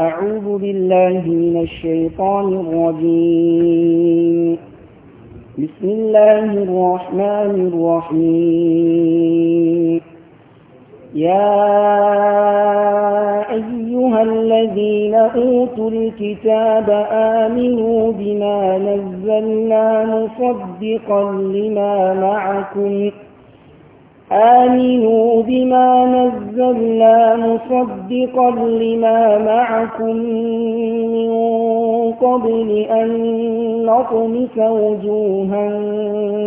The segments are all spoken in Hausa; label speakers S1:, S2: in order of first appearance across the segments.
S1: أعوذ بالله من الشيطان الرجيم بسم الله الرحمن الرحيم يا أيها الذين أوتوا الكتاب آمنوا بما نزلنا مصدقا لما معكم آمنوا بما نزلنا مصدقا لما معكم من قبل أن نطمس وجوها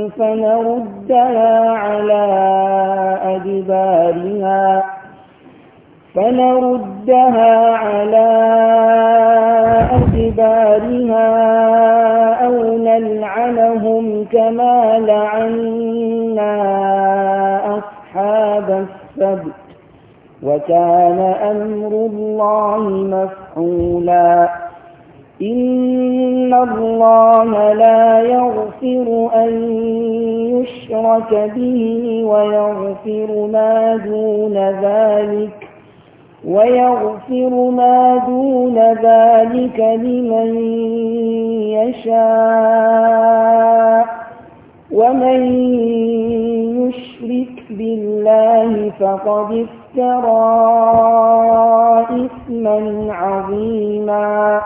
S1: فنردها على أدبارها فنردها على أدبارها أو نلعنهم كما لعنا ثبت وكان أمر الله مفعولا إن الله لا يغفر أن يشرك به ويغفر ما دون ذلك ويغفر ما دون ذلك لمن يشاء ومن يشرك بالله فقد افترى إثما عظيما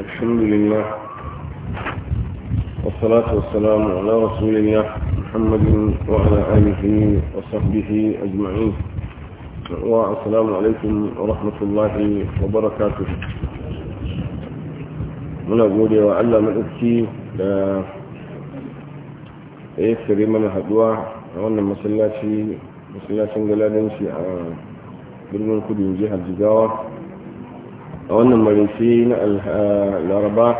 S2: الحمد لله والصلاة والسلام على رسول الله محمد وعلى آله وصحبه أجمعين والسلام عليكم ورحمة الله وبركاته من أقول وعلى من أبكي لا يكثر إيه من هدوى وأن مسلاتي مسلاتي قلادنشي آه، برمان كل من جهة الجزاوة a wannan marifi na ah, laraba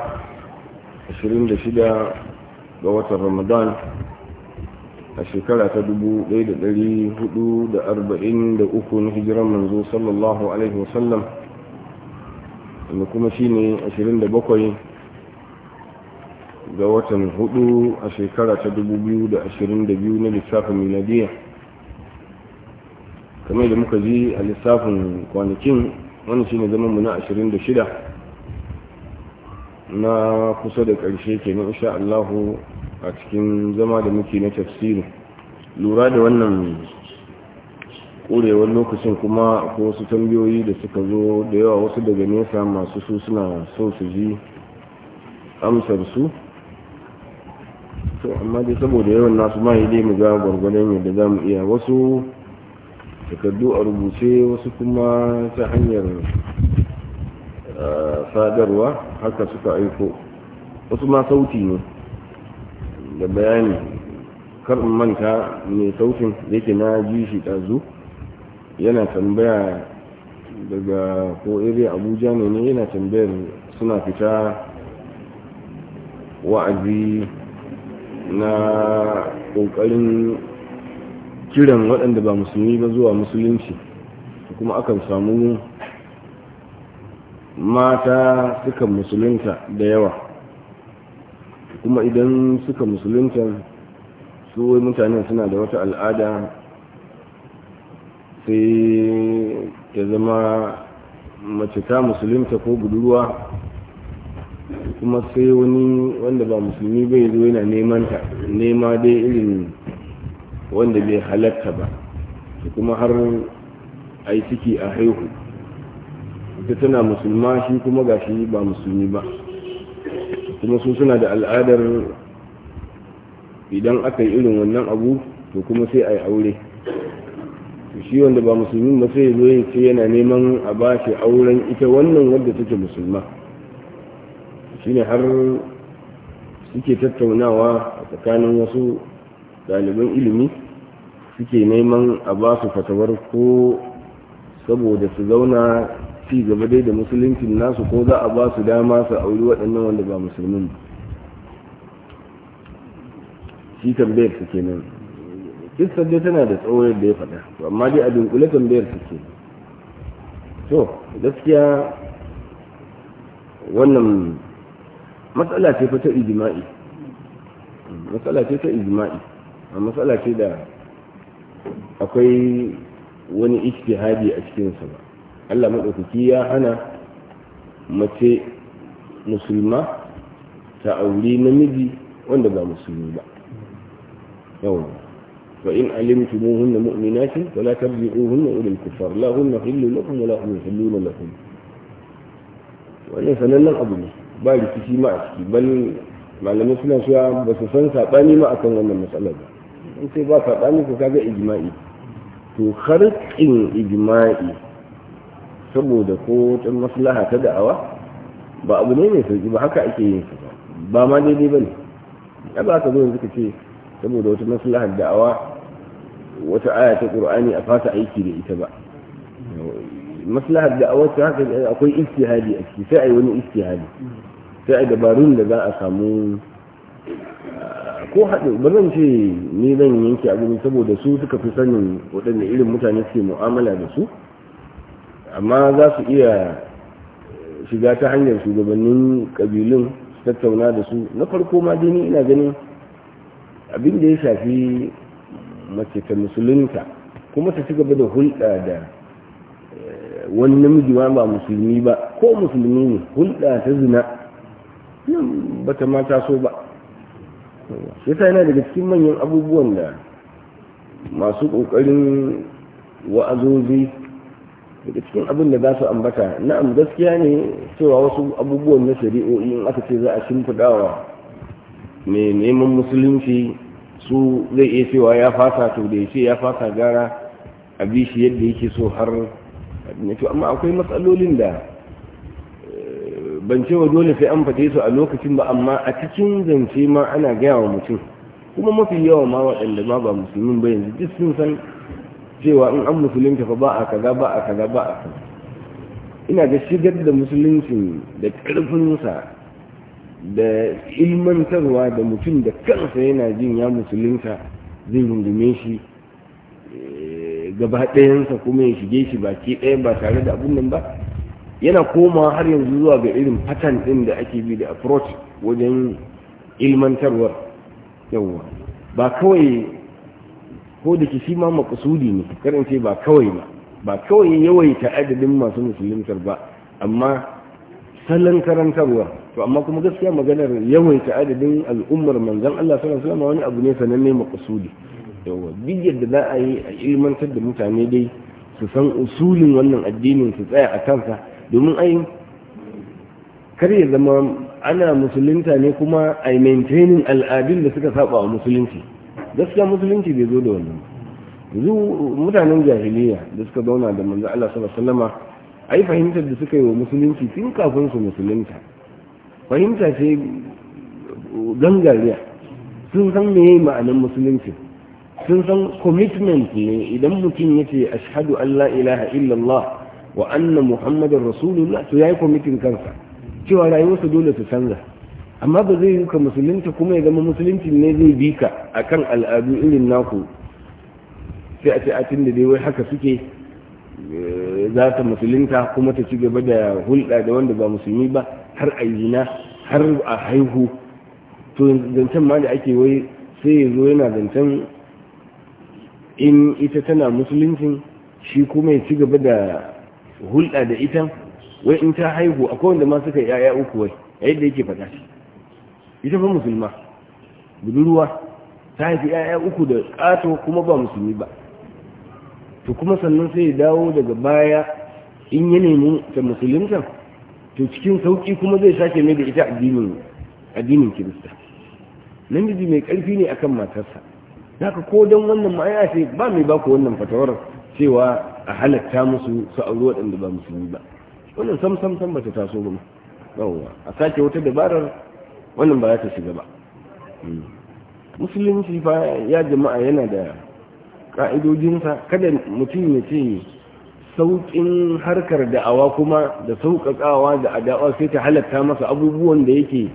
S2: 26 ga watan ramadan a shekara ta 1443 na hijiran manzo sallallahu alaihi wasallam wanda kuma shi ne 27 ga watan 4 a shekara ta 2022 na lissafin miladiya kamar da muka ji a lissafin kwanakin ne shine zaman mu na 26 na kusa da ƙarshe ke insha allahu a cikin zama da muke na tafsiri lura da wannan ƙurewar lokacin kuma ko wasu tambayoyi da suka zo da yawa wasu daga nesa masu su suna so su ji amsar su to amma dai saboda yawan nasu ma yi dai mu ga gwargwadon yadda za mu iya wasu takardu a rubuce wasu kuma ta hanyar sadarwa haka suka aiko wasu ma sauti ne da bayani karin manta mai sautin da yake na ji shi ɗazu yana tambaya daga ko iri abuja ne ne yana tambayar suna fita wa'azi na ƙoƙarin kiran waɗanda ba musulmi ba zuwa musulunci kuma akan samu mata suka musulunta da yawa kuma idan suka musulunta su wai mutanen suna da wata al'ada sai ta zama mace ta musulunta ko budurwa kuma sai wani wanda ba musulmi bai zo yana neman ta nema dai ilimin wanda bai halatta ba da kuma har a yi ciki a haihu ita tana musulma shi kuma ga shi ba musulmi ba kuma su suna da al'adar idan aka yi irin wannan abu to kuma sai a yi aure shi wanda ba musulmi ba sai zo yin sai yana neman a ba shi auren ita wannan wadda take musulma shine har suke tattaunawa a tsakanin wasu ɗaliban ilimi suke neman a ba su fatawar ko saboda su zauna ci gaba dai da musuluncin nasu ko za a ba su dama su auri waɗannan wanda ba musulmin shi tambayar su ke nan kistar dai tana da tsawo yadda ya faɗa amma dai a dunkule tambayar su ke to gaskiya wannan matsala ce fa ta ijma'i matsala ce ta ijima'i a matsala ce da akwai wani ijtihadi a cikinsa ba Allah maɗaukaki ya hana mace musulma ta aure namiji wanda ba musulmi ba yawon fa in alimtumuhunna mu'minatin wala tarji'uhunna ila al-kuffar la hunna hillu lakum wa la hum yahilluna lakum wannan sanannen abu ne ba rikici ma a ciki bal malamai suna cewa ba su san saɓani ma akan wannan matsalar ba ita sai ba saɓani ko kaga ijma'i to harkin ijma'i saboda ko wata maslaha ta da'awa ba abu ne mai sauki ba haka ake yin su ba ma daidai ba ne ya ba ka zo yanzu ka ce saboda wata maslahar da'awa wata aya ta qur'ani a fasa aiki da ita ba maslahar da'awa ta haka akwai istihadi a ciki sai a yi wani istihadi sai a dabarun da za a samu ko haɗe ba zan ce ni zan yanke abu saboda su suka fi sanin waɗanda irin mutane suke mu'amala da su amma za su iya shiga ta hanyar shugabannin ƙabilun tattauna da su na farko ma dini ina ganin abin da ya shafi mace ta musulunta kuma ta ci gaba da hulɗa da eh, wani namiji ma ba musulmi ba ko musulmi ne hulɗa ta zina ba ta mata so ba yasa yana daga cikin manyan abubuwan da masu ƙoƙarin wa'azozi daga cikin abin da za su ambata na'am gaskiya ne cewa wasu abubuwan na shari'o'i in aka ce za a shimfiɗawa mai neman musulunci su zai iya cewa ya fasa to da ya fasa gara a bi shi yadda yake so har amma akwai matsalolin da ban cewa dole sai an fate su a lokacin ba amma a cikin zance ma ana gaya wa mutum kuma mafi yawa ma waɗanda ma ba musulmin ba yanzu duk sun san cewa in an musulun fa ba a kaza ba a kaza ba a kaza ina ga shigar da musuluncin da ƙarfinsa da ilmantarwa da mutum da kansa yana jin ya musulunta zai rungume shi eh, gaba ɗayansa kuma ya shige shi baki ɗaya ba tare da abin nan ba yana koma har yanzu zuwa ga irin pattern din da ake bi da approach wajen ilmantarwar yawwa ba kawai ko da shi ma makasudi ne karin ba kawai ba ba kawai yawaita adadin masu musuluntar ba amma salon karantarwa to amma kuma gaskiya maganar yawaita adadin al'ummar manzan Allah sallallahu alaihi wasallam wani abu ne sananne makasudi yawa duk yadda za a yi a ilmantar da mutane dai su san usulin wannan addinin su tsaya a kansa domin ai kar ya zama ana musulunta ne kuma a maintaining al'adun da suka saba wa musulunci gaskiya musulunci bai zo da wannan yanzu mutanen jahiliya da suka zauna da manzo Allah sallallahu alaihi wasallama ai fahimtar da suka yi wa musulunci tun kafin su musulunta fahimta ce gangariya sun san me meye ma'anar musulunci sun san commitment ne idan mutum ya ce ashhadu an la ilaha illallah wa anna muhammadin rasulullah to yayi kwamitin kansa cewa rayuwarsa dole su canza amma ba zai yi ka musulunta kuma ya zama musulunci ne zai bi ka akan al'adu irin naku sai a ce a da dai wai haka suke eh, za ta musulunta kuma ta ci gaba da hulɗa da wanda ba musulmi ba har a zina har a haihu to zancen ma da ake wai sai ya zo yana zancen in ita tana musuluncin shi kuma ya ci gaba da hulɗa da ita wai in ta haihu akwai wanda ma suka yaya uku wai a yadda yake faɗa ita fa musulma budurwa ta haifi yaya uku da ƙato kuma ba musulmi ba to kuma sannan sai ya dawo daga baya in ya nemi ta musulunta to cikin sauƙi kuma zai sake mai da ita addinin addinin kirista namiji mai ƙarfi ne akan matarsa zaka ko dan wannan ma'aya ba mai baku wannan fatawar cewa a halatta musu su auri waɗanda ba musulmi ba wannan sam sam sam bata taso ba yawwa a sake wata dabarar wannan ba za ta shiga ba hmm. musulunci fa ya jama'a yana da ƙa'idojinsa kada mutum ya ce sauƙin harkar da'awa kuma da sauƙaƙawa da adawa sai ta halatta masa abubuwan da yake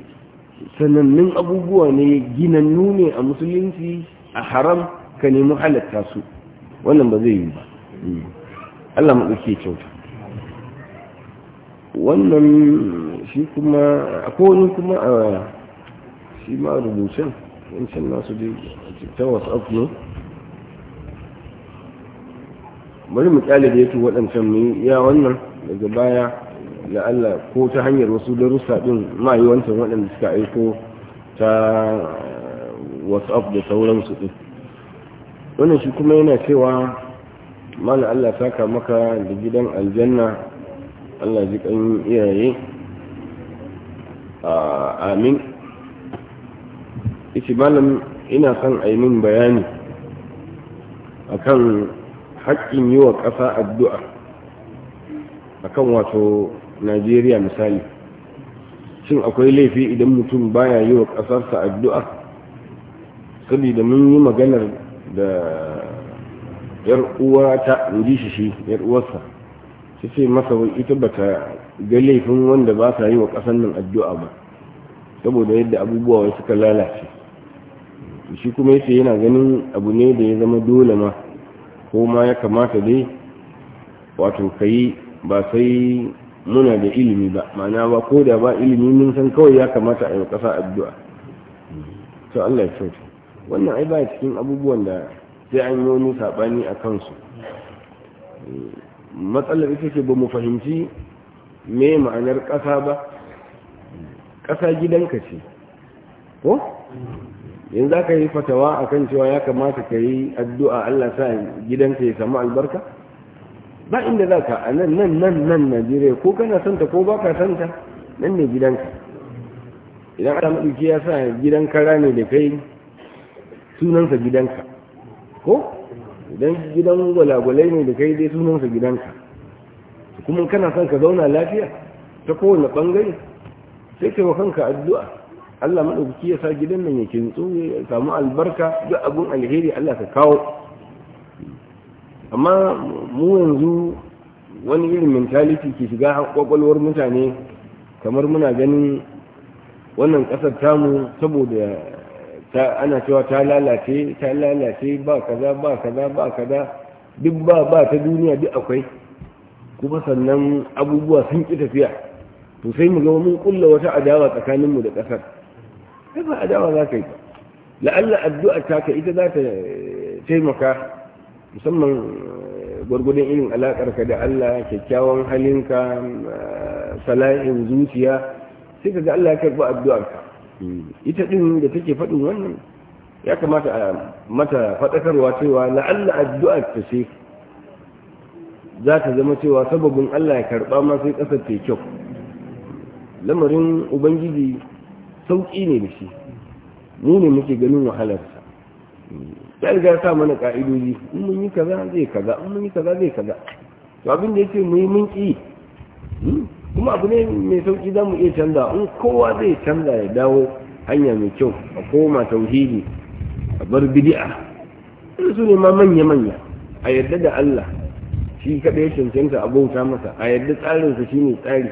S2: sanannun abubuwa ne ginannu ne a musulunci a haram ka nemi halatta su wannan ba zai yi ba hmm. Allah maɗauki kyauta wannan shi kuma akwai kuma a shi ma rubucin wancan nasu da ta whatsapp ne bari mu kyale da yato waɗancan mu ya wannan daga baya allah ko ta hanyar wasu darussa ɗin ma yi wancan waɗanda suka aiko ta whatsapp da sauransu ɗin wannan shi kuma yana cewa mana Allah saka maka da gidan aljanna Allah ji kan iyaye amin ishi malam ina son min bayani akan haƙƙin yi wa ƙasa addu'a akan wato najeriya misali shin akwai laifi idan mutum baya yi wa ƙasarsa addu'a saboda mun yi maganar da yar uwa ta inji shi shi yar uwarsa shi ce masa wai ita bata ga laifin wanda ba sa yi wa ƙasan nan addu'a ba saboda yadda abubuwa wai suka lalace shi kuma yace yana ganin abu ne da ya zama dole ma ko ma ya kamata dai wato kai ba sai muna da ilimi ba ma'ana ba ko da ba ilimi mun san kawai ya kamata a yi wa ƙasa addu'a to wannan ai ba cikin abubuwan da sai an yi wani saɓani a kansu matsalar ita ce ba mu fahimci me ma'anar ƙasa ba ƙasa gidanka ce ko yanzu aka yi fatawa a kan cewa ya kamata ka yi addu'a Allah sa gidanka ya samu albarka ba inda za ka a nan nan nan nan najeriya ko kana santa ko ba ka santa nan ne gidanka idan ana maɗuki ya sa gidan kara ne da kai sunansa gidanka ko idan gidan gwalagwalai ne da kai dai sunansa gidanka kuma kana son ka zauna lafiya ta kowane bangare sai ka wa kanka addu'a Allah maɗauki ya sa gidan nan ya kintsu ya samu albarka duk abin alheri Allah ka kawo amma mu yanzu wani irin mentality ke shiga kwakwalwar mutane kamar muna ganin wannan kasar tamu saboda ta ana cewa ta lalace ta lalace ba kaza ba kaza ba kaza duk ba ba ta duniya duk akwai kuma sannan abubuwa sun ƙi tafiya to sai mu ga mun kulla wata adawa tsakanin mu da ƙasar sai ba adawa za ka yi ba. la'alla addu'a ta ka ita za ta eh, taimaka musamman eh, gwargwadon irin alaƙarka da Allah kyakkyawan halinka eh, sala'in zuciya sai ka ga Allah ya karɓi addu'arka ita din da take faɗin wannan ya kamata a mata faɗakarwa cewa la'alla addu'a ta ce za ta zama cewa sababin Allah ya karɓa ma sai ƙasar ta kyau lamarin ubangiji sauƙi ne da shi mu ne muke ganin wahalarsa ya riga sa mana ƙa'idoji in mun yi kaza zai kaza in mun yi kaza zai kaza to abin da yake mu yi mun ƙi hmm? kuma abu ne mai sauki za mu iya canza in kowa zai canza ya dawo hanya mai kyau a koma tauhidi a bar bid'a su ne ma manya-manya a yadda da Allah shi kaɗai ya cancanta a bauta masa a yadda tsarinsa shi ne tsari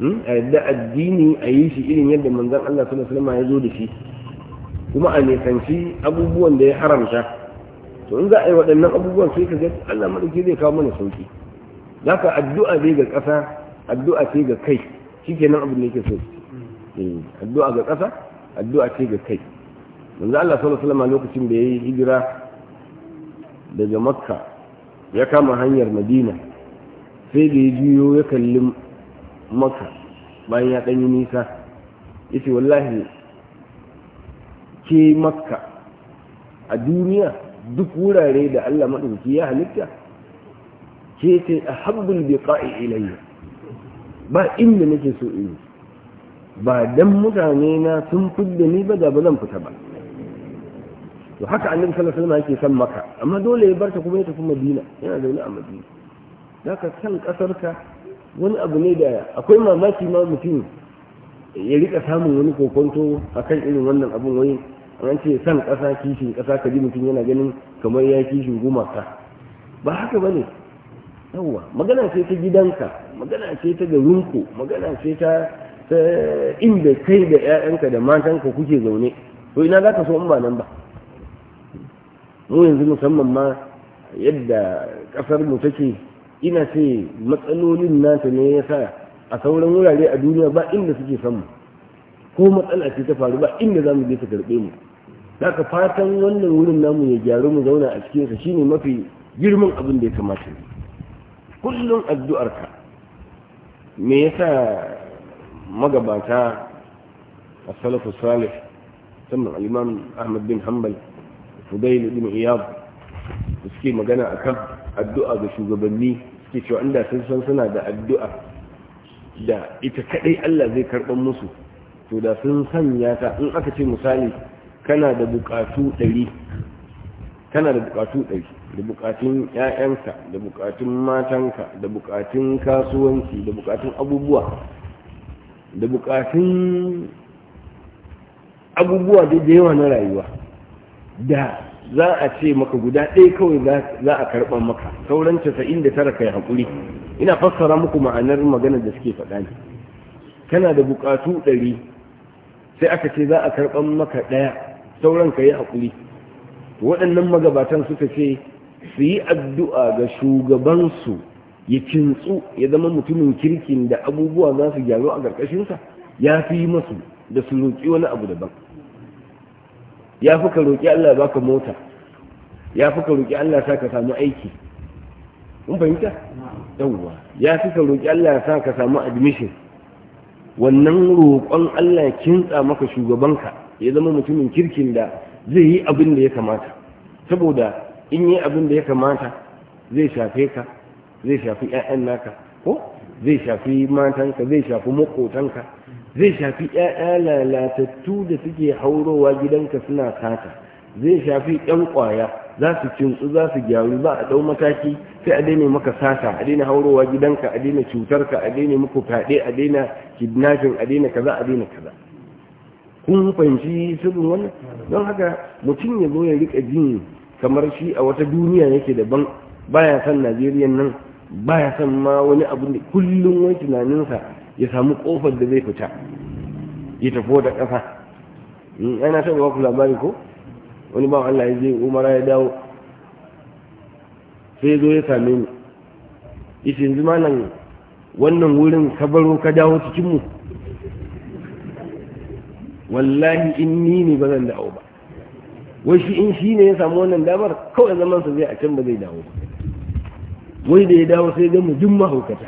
S2: hmm? a yadda addini a yi shi irin yadda manzan Allah sallallahu alaihi ya zo da shi kuma a nisanci abubuwan da ya haramta to in za a yi waɗannan abubuwan sai ka ga Allah madauki zai kawo mana sauki zaka addu'a zai ga ƙasa addu'a ce ga kai shikenan abin da yake so eh, addu'a ga ƙasa addu'a ce ga kai manzo Allah sallallahu alaihi lokacin da yayi hijira daga Makka ya kama hanyar Madina sai da ya juyo ya kalli Makka bayan ya danyi nisa yace wallahi ke Makka a duniya duk wurare da Allah madauki ya halitta ke ce ahabbul biqa'i ilayya ba inda nake so in yi ba dan mutane na sun fidda ni ba da ba zan fita ba to haka annabi sallallahu alaihi wasallam yake san maka amma dole ya barta kuma ya tafi madina yana zaune a madina zaka san kasarka wani abu ne da akwai mamaki ma mutum ya rika samun wani kokonto akan irin wannan abun wai an ce san kasa kishin kasa ka ji mutum yana ganin kamar ya kishin gumaka ba haka bane yawa magana ce ta gidanka magana ce ta garinku magana ce ta inda kai da 'ya'yanka da matanka kuke zaune to ina za ka so in ba nan ba mu yanzu musamman ma yadda kasar mu take ina ce matsalolin nata ne ya sa a sauran wurare a duniya ba inda suke samu ko matsala ce ta faru ba inda za mu ta karɓe mu ka fatan wannan wurin namu ya gyaru mu zauna a cikinsa shine mafi girman abin da ya kamata yi kullum addu'arka me yasa magabata a salafu salih sannan al-imam ahmad bin hanbal fudayl bin iyad suke magana akan addu'a ga shugabanni suke cewa inda sun san suna da addu'a da ita kadai allah zai karɓar musu to da sun sanya ta in aka ce misali kana da buƙatu ɗari kana da bukatu ɗari da bukatun ‘ya'yanka da bukatun matanka da bukatun kasuwanci da bukatun abubuwa da bukatun abubuwa da yawa na rayuwa da za a ce maka guda ɗaya kawai za a karɓar maka sauran casa'in da tara kai haƙuri ina fassara muku ma'anar magana da suke faɗa ne kana da bukatu ɗari sai aka ce za a karɓar maka ɗaya sauran ka yi haƙuri waɗannan magabatan suka ce su yi addu'a ga shugabansu ya kintsu ya zama mutumin kirkin da abubuwa za su gyaru a ƙarƙashinsa ya fi yi masu da su roƙi wani abu daban ya fi ka roƙi Allah ba ka mota ya fi ka roƙi Allah sa ka samu aiki kun fahimta yawwa ya fi ka roƙi Allah sa ka samu admission wannan roƙon Allah ya kintsa maka shugabanka ya zama mutumin kirkin da zai yi abin da ya kamata saboda in yi abin da ya kamata zai shafe ka zai shafi 'ya'yan naka ko zai shafi matanka zai shafi makotanka zai shafi 'ya'ya lalatattu da suke haurowa gidanka suna sata zai shafi 'yan kwaya za su kintsu za su gyaru ba a dau mataki sai a daina maka sata a daina haurowa gidanka a daina cutarka a daina muku fyaɗe a daina kidnapping a daina kaza a daina kaza kun fahimci sirrin wannan don haka mutum ya zo ya rika jin kamar shi a wata duniya yake daban baya san najeriya nan baya san ma wani abu da kullum wani tunaninsa ya samu kofar da zai fita ya tafi da ƙasa yana hmm, taɓa ba ku labari ko wani ba Allah ya je umara ya dawo sai zo ya same ni ishin zuma nan wannan wurin ka baro ka dawo cikinmu wallahi in ni ne ba zan dawo ba wai shi in shi ne ya samu wannan damar kawai zaman sa zai a can ba zai dawo ba wai da ya dawo sai ga mu duk mahaukata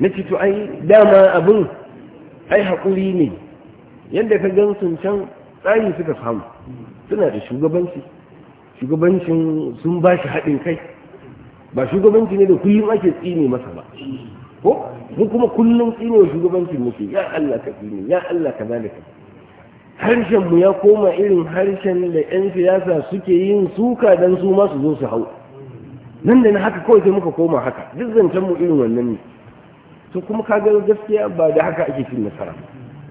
S2: na ce to ai dama abin ai haƙuri ne yadda ka gan sun can tsari suka samu suna da shugabanci shugabancin sun ba shi haɗin kai ba shugabanci ne da kullum ake tsine masa ba ko mu kuma kullum tsiro shugabancin muke ya Allah ka tsini ya Allah ka bada ka harshen mu ya koma irin harshen da yan siyasa suke yin suka dan su ma su zo su hau nan da na haka kawai sai muka koma haka duk zancen mu irin wannan ne to kuma kaga gaskiya ba da haka ake cin nasara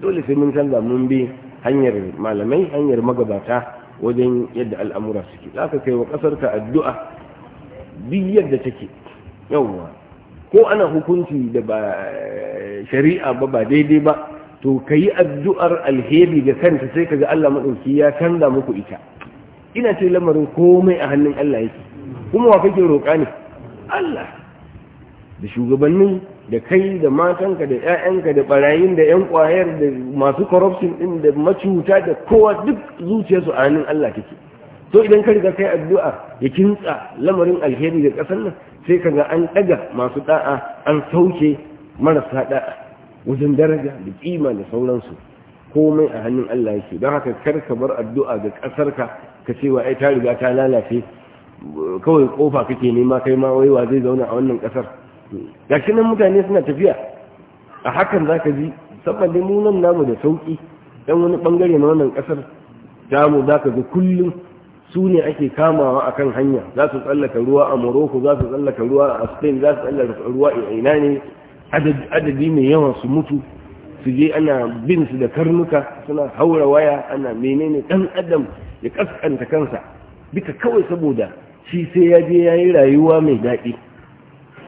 S2: dole sai mun canza mun bi hanyar malamai hanyar magabata wajen yadda al'amura suke za ka kai wa ka addu'a duk yadda take yawwa ko ana hukunci da ba shari'a ba ba daidai ba to ka yi addu'ar alheri da kanta sai ka ga Allah maɗauki ya canza muku ita ina ce lamarin komai a hannun Allah yake kuma wa kake roƙa ne Allah da shugabannin da kai da matanka da 'ya'yanka da ɓarayin da 'yan ƙwayar da masu corruption ɗin da macuta da kowa duk zuciyarsu a hannun Allah take to idan ka riga kai addu'a ya kintsa lamarin alheri da ƙasar nan sai kaga an daga masu da'a an sauke marasa da'a wajen daraja da kima da sauransu komai a hannun Allah yake don haka kar ka bar addu'a ga ƙasarka ka ce wa ai ta riga ta lalace kawai kofa kake nema kai ma waiwa zai zauna a wannan kasar gashi nan mutane suna tafiya a hakan zaka ji saboda mu namu da sauki dan wani bangare na wannan ƙasar kasar za ka ga kullum su ne ake kamawa a kan hanya za su tsallaka ruwa a morocco za su tsallaka ruwa a spain za su tsallaka ruwa a ina ne adadi mai yawan su mutu su je ana bin su da karnuka suna haura waya ana menene dan adam ya kaskanta kansa duka kawai saboda shi sai ya je ya yi rayuwa mai daɗi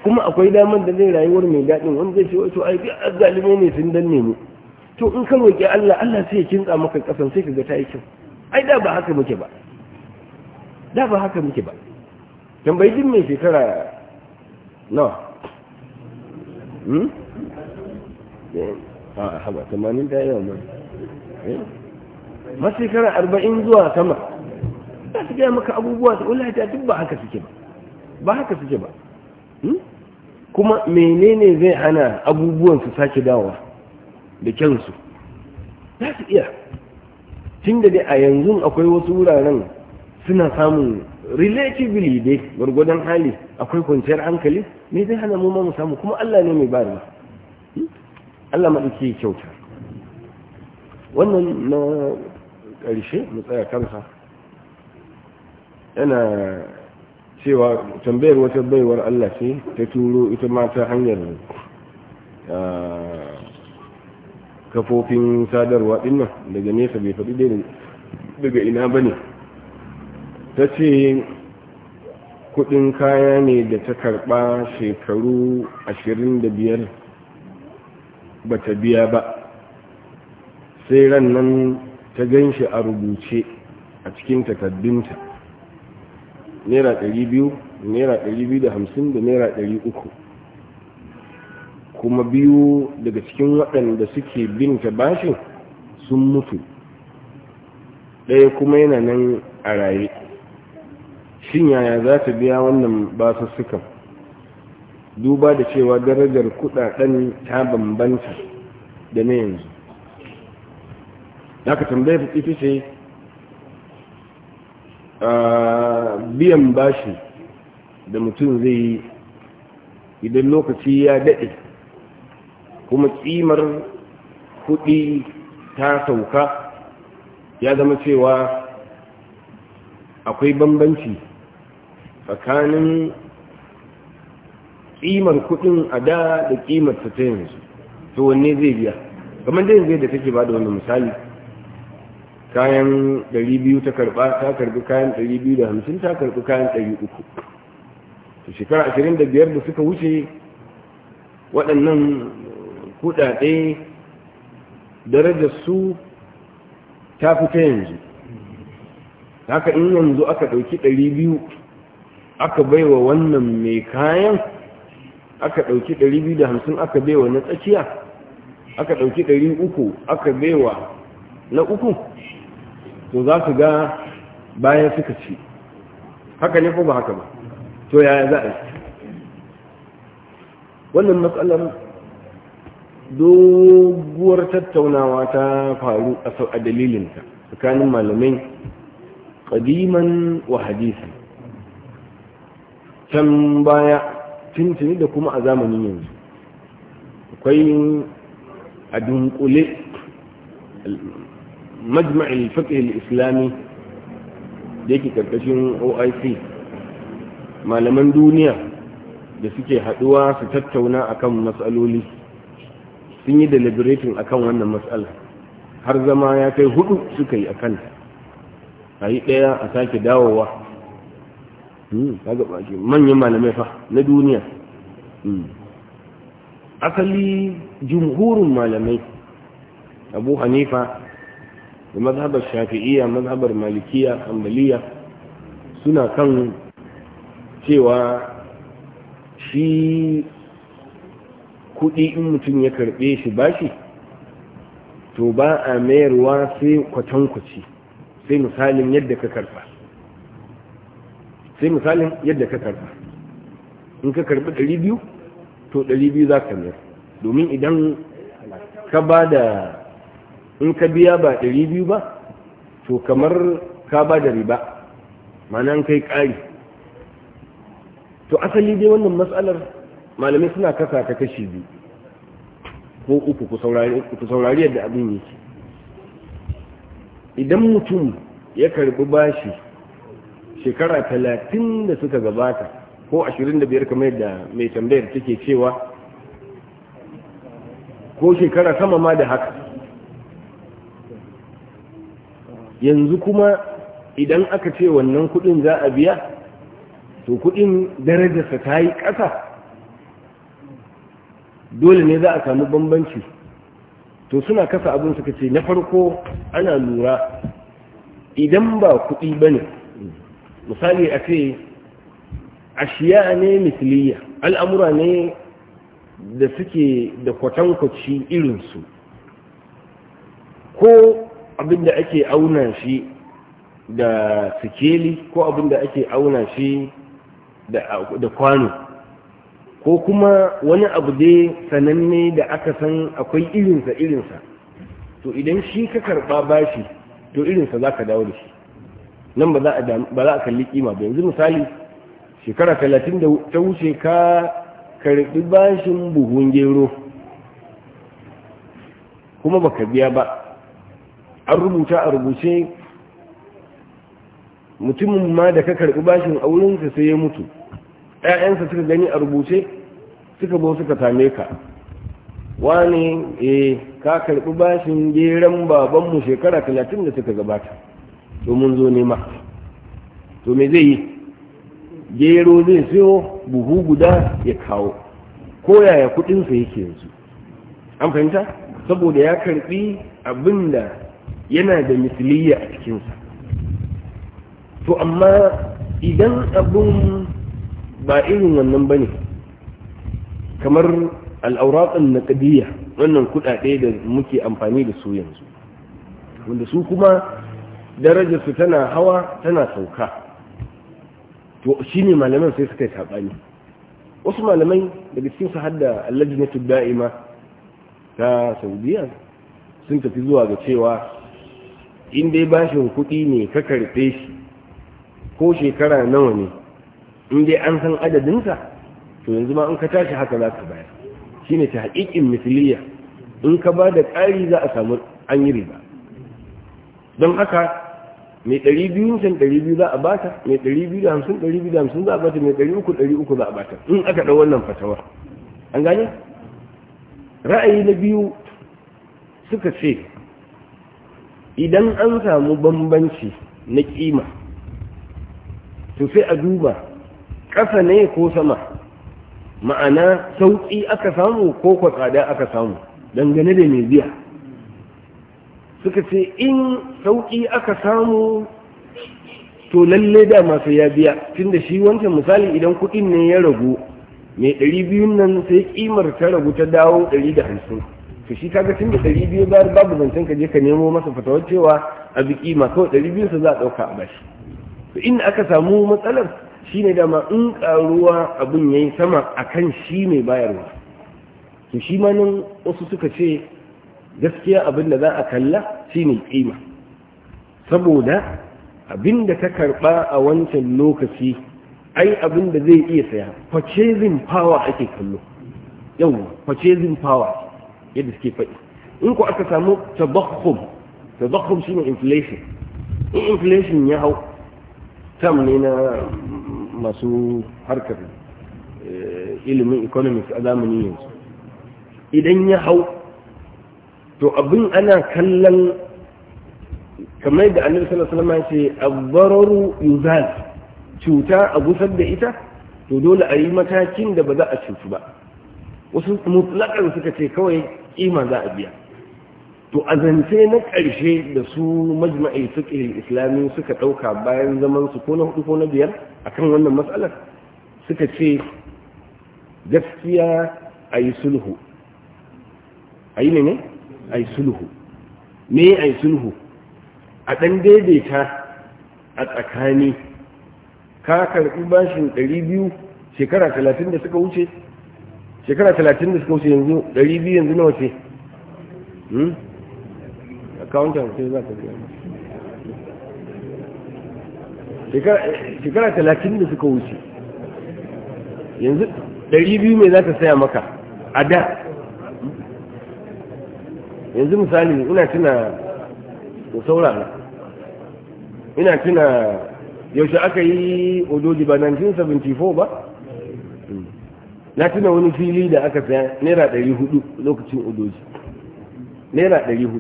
S2: kuma akwai damar da zai rayuwar mai daɗin wani zai ce wato ai duk ne sun danne nemi to in ka roƙi Allah Allah sai ya kintsa maka kasan sai ka ga ta yi kyau ai da ba haka muke ba da ba haka muke ba tambayi duk mai shekara nawa hmm? Eh, a haba tamanin da yawa ma eh? ma shekara arba'in zuwa sama za su gaya maka abubuwa su ta duk ba haka suke ba ba haka suke ba hmm? kuma menene zai hana abubuwan su sake dawa da kyansu za su iya tun da dai a yanzu akwai wasu wuraren suna samun relatively dai gwargwadon hali akwai kwanciyar hankali ne zai hana mu mu samu kuma Allah ne mai bari Allah ma yake kyauta wannan na ƙarshe mu tsaya kansa yana cewa tambayar wata baiwar Allah ce ta turo ita mata hanyar kafofin sadarwa nan daga nesa bai faɗi daga ina ba ne ta ce kudin kaya ne da ta karba shekaru 25 ba ta biya ba sai ran nan ta gan shi a rubuce a cikin takaddunta naira 200 naira 250 da naira 300 kuma biyu daga cikin waɗanda suke binta bashin sun mutu ɗaya kuma yana nan a raye shin yaya za ta biya wannan basussukan duba da cewa darajar kudaden ta bambanta da na yanzu ka aka tambaya ita ce biyan bashi da mutum zai yi idan lokaci ya daɗe kuma ƙimar kuɗi ta sauka ya zama cewa akwai bambanci tsakanin kimar kuɗin a da da kimar ta ta yanzu to wanne zai biya kamar da yanzu da take ba da wani misali kayan 200 ta karba ta karbi kayan 250 ta karbi kayan 300 to shekara 25 da suka wuce waɗannan kuɗaɗe darajar su ta fi ta yanzu haka in yanzu aka ɗauki 200 aka baiwa wannan mai kayan aka ɗauki 250 aka baiwa na tsakiya aka ɗauki 300 aka baiwa na uku to za su ga bayan suka ci haka ne ko ba haka ba to yaya za a wannan matsalar doguwar tattaunawa ta faru a dalilinta tsakanin malamai ƙadiman wa hadisan can baya tuntuni da kuma a zamanin yanzu akwai a dunkule majma'il fiqh islami da yake karkashin OIC malaman duniya da suke haɗuwa su tattauna akan matsaloli sun yi deliberating akan wannan matsala har zama ya kai hudu suka yi akan a yi daya a sake dawowa Hmm, kaga baki manyan malamai fa na duniya hmm. asali jumhurin malamai abu hanifa da mazhabar shafi'iyya mazhabar malikiya hanbaliya suna kan cewa shi kuɗi in mutum ya karɓe shi bashi to ba a mayarwa sai kwatankwaci sai misalin yadda ka karfa. sai misalin yadda ka karba in ka karbi ɗari biyu to ɗari biyu za ka mayar domin idan ka ba da in ka biya ba ɗari biyu ba to kamar ka ba da riba mana an kai ƙari to asali dai wannan matsalar malamai suna kasa ta kashi biyu ko uku ku saurari yadda abin yake idan mutum ya karbi bashi shekara talatin da suka gabata ko ashirin da biyar kamar da mai tambayar take cewa ko shekara sama ma da haka yanzu kuma idan aka ce wannan kudin za a biya to kudin darajarsa ta yi ƙasa dole ne za a samu bambanci to suna kasa abin suka ce na farko ana lura idan ba kudi ba ne misali a ce ashiya ne misliya al'amura ne da suke da kwatankwaci irinsu ko abinda ake auna shi da sikeli ko abinda ake auna shi da kwano ko kuma wani abu dai sananne da aka san akwai irinsa irinsa to idan shi ka karɓa bashi to irinsa za ka dawo da shi nan ba za a kalli kima ba yanzu misali shekara talatin da ta wuce ka karbi bashin buhun gero kuma ba ka biya ba an rubuta a rubuce mutumin ma da ka karbi bashin a wurinsa sai ya mutu ƴaƴansa suka gani a rubuce suka bo suka same ka wani eh ka karbi bashin geran babanmu shekara talatin da suka gabata to mun zo nema to me zai yi gero zai siyo buhu guda ya kawo ko yaya kudinsa yake yanzu an fahimta saboda ya karbi abinda yana da misliya a cikinsa to amma idan abin ba irin wannan ba ne kamar al'auratun na ƙadiyya wannan kuɗaɗe da muke amfani da su yanzu wanda su kuma darajarsu tana hawa tana sauka to shi ne malaman sai suka yi saɓani wasu malamai daga cikin su hadda allajinatu da'ima ta saudiya sun tafi zuwa ga cewa in dai bashin kuɗi ne ka karɓe shi ko shekara nawa ne in an san adadinsa to yanzu ma in ka tashi haka za ka bayar shi ne ta haƙiƙin misiliya in ka ba da ƙari za a samu an yi riba don haka mai ɗari biyu san ɗari biyu za a bata mai ɗari biyu da hamsin ɗari biyu da hamsin za a bata mai ɗari uku ɗari uku za a bata in aka ɗau wannan fatawa an gane ra'ayi na biyu suka ce idan an samu bambanci na kima to sai a duba ƙasa ne ko sama ma'ana sauƙi aka samu ko kwatsada aka samu dangane da mai biya suka ce in sauƙi aka samu to lalle da masu ya biya da shi wancan misali idan kuɗin ne ya ragu mai ɗari biyun nan sai ƙimar ta ragu ta dawo ɗari da hamsin to shi kaga tun da ɗari biyu bayar babu zancen ka je ka nemo masa fatawar cewa a bi ƙima kawai ɗari biyu su za a ɗauka a bashi to in aka samu matsalar shine dama in ƙaruwa abin ya yi sama akan shi mai bayarwa to shi ma nan wasu suka ce gaskiya abin da za a kalla shine kima saboda abin da ka karba a wancan lokaci ai abin da zai iya saya purchasing power ake kallo yau purchasing power yadda suke faɗi in ku aka samu tabakhum tabakhum shine inflation in inflation ya hau tam ne na masu harkar eh, ilimin economics a zamanin yanzu idan ya hau to abin ana kallon kamar da annabi sallallahu alaihi wasallam ce yuzal cuta a gusar da ita to dole a yi matakin da ba za a cutu ba wasu mutlakan suka ce kawai kima za a biya to a zance na ƙarshe da su majma'i suke islami suka ɗauka bayan zaman su ko na hudu ko na biyar akan wannan matsalar suka ce gaskiya a yi sulhu a yi ne ne ai sulhu me ai sulhu a dan daidaita a tsakani ka karbi bashin 200 shekara 30 da suka wuce shekara 30 da suka wuce yanzu 200 yanzu nawa ce hmm? accountan ce za ka biya shekara 30 da suka wuce yanzu 200 mai za ta saya maka a da yanzu misali ina tuna da saurara ina tuna yaushe aka yi odoji ba 1974 ba na tuna wani fili da aka saya naira 400 lokacin odoji naira 400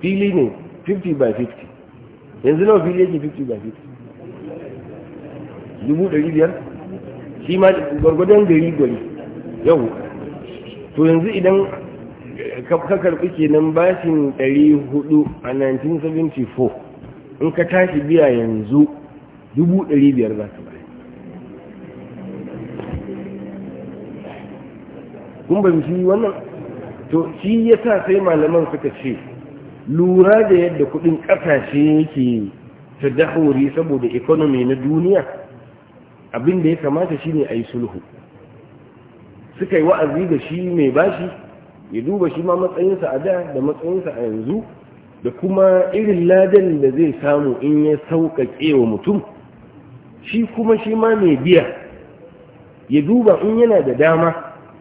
S2: fili ne 50 by 50 yanzu nawa fili yake 50 by 50 dubu ɗari biyar shi ma gwargwadon gari gwari yau to yanzu idan ka karɓi kenan bashin 400 a 1974 in ka tashi biya yanzu 500 za ka bayar kun ba shi wannan to shi ya sa sai malaman suka ce lura da yadda kudin ƙasashe yake ta dahori saboda ekonomi na duniya abinda ya kamata shi ne a yi sulhu suka yi wa'azi da shi mai bashi ya duba shi ma matsayinsa a da da matsayinsa a yanzu da kuma irin ladan da zai samu in ya sauƙaƙe wa mutum shi kuma shi ma mai biya ya duba in yana da dama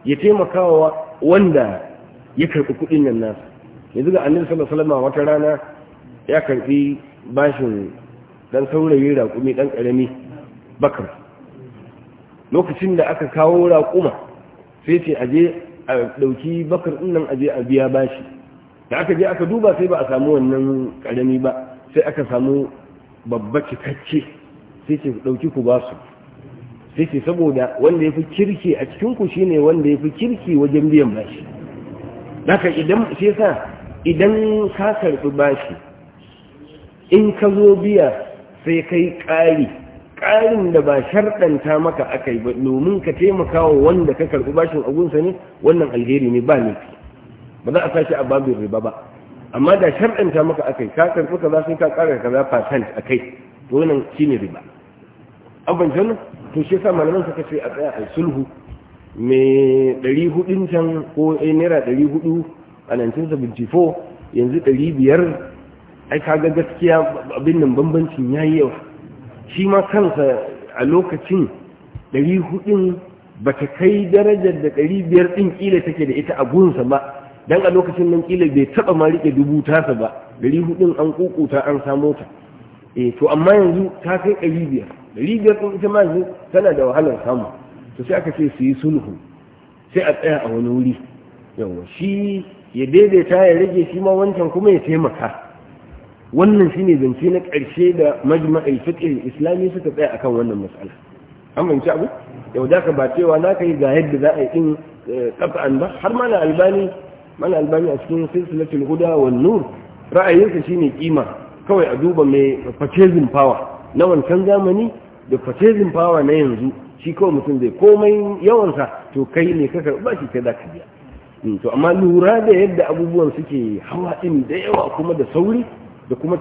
S2: ya taimakawa wanda ya karɓi kuɗin nan nasa yanzu ga annabi sallallahu alaihi wata rana ya karɓi bashin ɗan saurayin raƙumi ɗan ƙarami bakar lokacin da aka kawo raƙuma sai ce aje a ɗauki bakar ɗinnan a je a biya bashi da aka je aka duba sai ba a samu wannan ƙarami ba sai aka samu babba kitacce sai ce ɗauki ku basu sai ce saboda wanda ya fi kirki a cikinku shi ne wanda ya fi kirki wajen biyan bashi haka idan shi sa idan ka karɓi bashi in ka zo biya sai kai ƙari ƙarin da ba sharɗanta maka aka yi ba domin ka taimaka wa wanda ka karɓi bashin agunsa ne wannan alheri ne ba laifi ba za a sashi a babin riba ba amma da sharɗanta maka aka yi ka karɓi kaza sai ka ƙara kaza percent a kai to wannan shi ne riba abin can to shi yasa malaman suka ce a tsaya a sulhu mai ɗari hudun can ko eh, naira ɗari hudu a 1974 yanzu ɗari biyar ai kaga gaskiya abin nan bambancin yayi yawa shi ma kansa a lokacin ɗari hudun ba ta kai darajar da ɗari biyar ɗin ƙila take da ita a gunsa ba don a lokacin nan ƙila bai taɓa ma riƙe dubu tasa ba ɗari hudun an ƙuƙuta an samo ta e to amma yanzu ta kai ɗari biyar ɗari biyar ɗin ita ma yanzu tana da wahalar samu to sai aka ce su yi sulhu sai a tsaya a wani wuri yawa shi ya daidaita ya rage shi ma wancan kuma ya taimaka wannan shine zance na ƙarshe da majma'il fiqh islami suka tsaya akan wannan mas'ala an fahimci abu yau da ka ba cewa na kai ga yadda za a yi in eh, ba har mana albani mana albani a cikin silsilatul huda wan nur ra'ayinsa shine kima kawai a duba mai fatezin power na wancan zamani da fatezin power na yanzu shi kawai mutum zai komai yawan sa to kai ne ka karba shi kai za ka biya hmm, to amma lura da yadda abubuwan suke hawa din da yawa kuma da sauri da kuma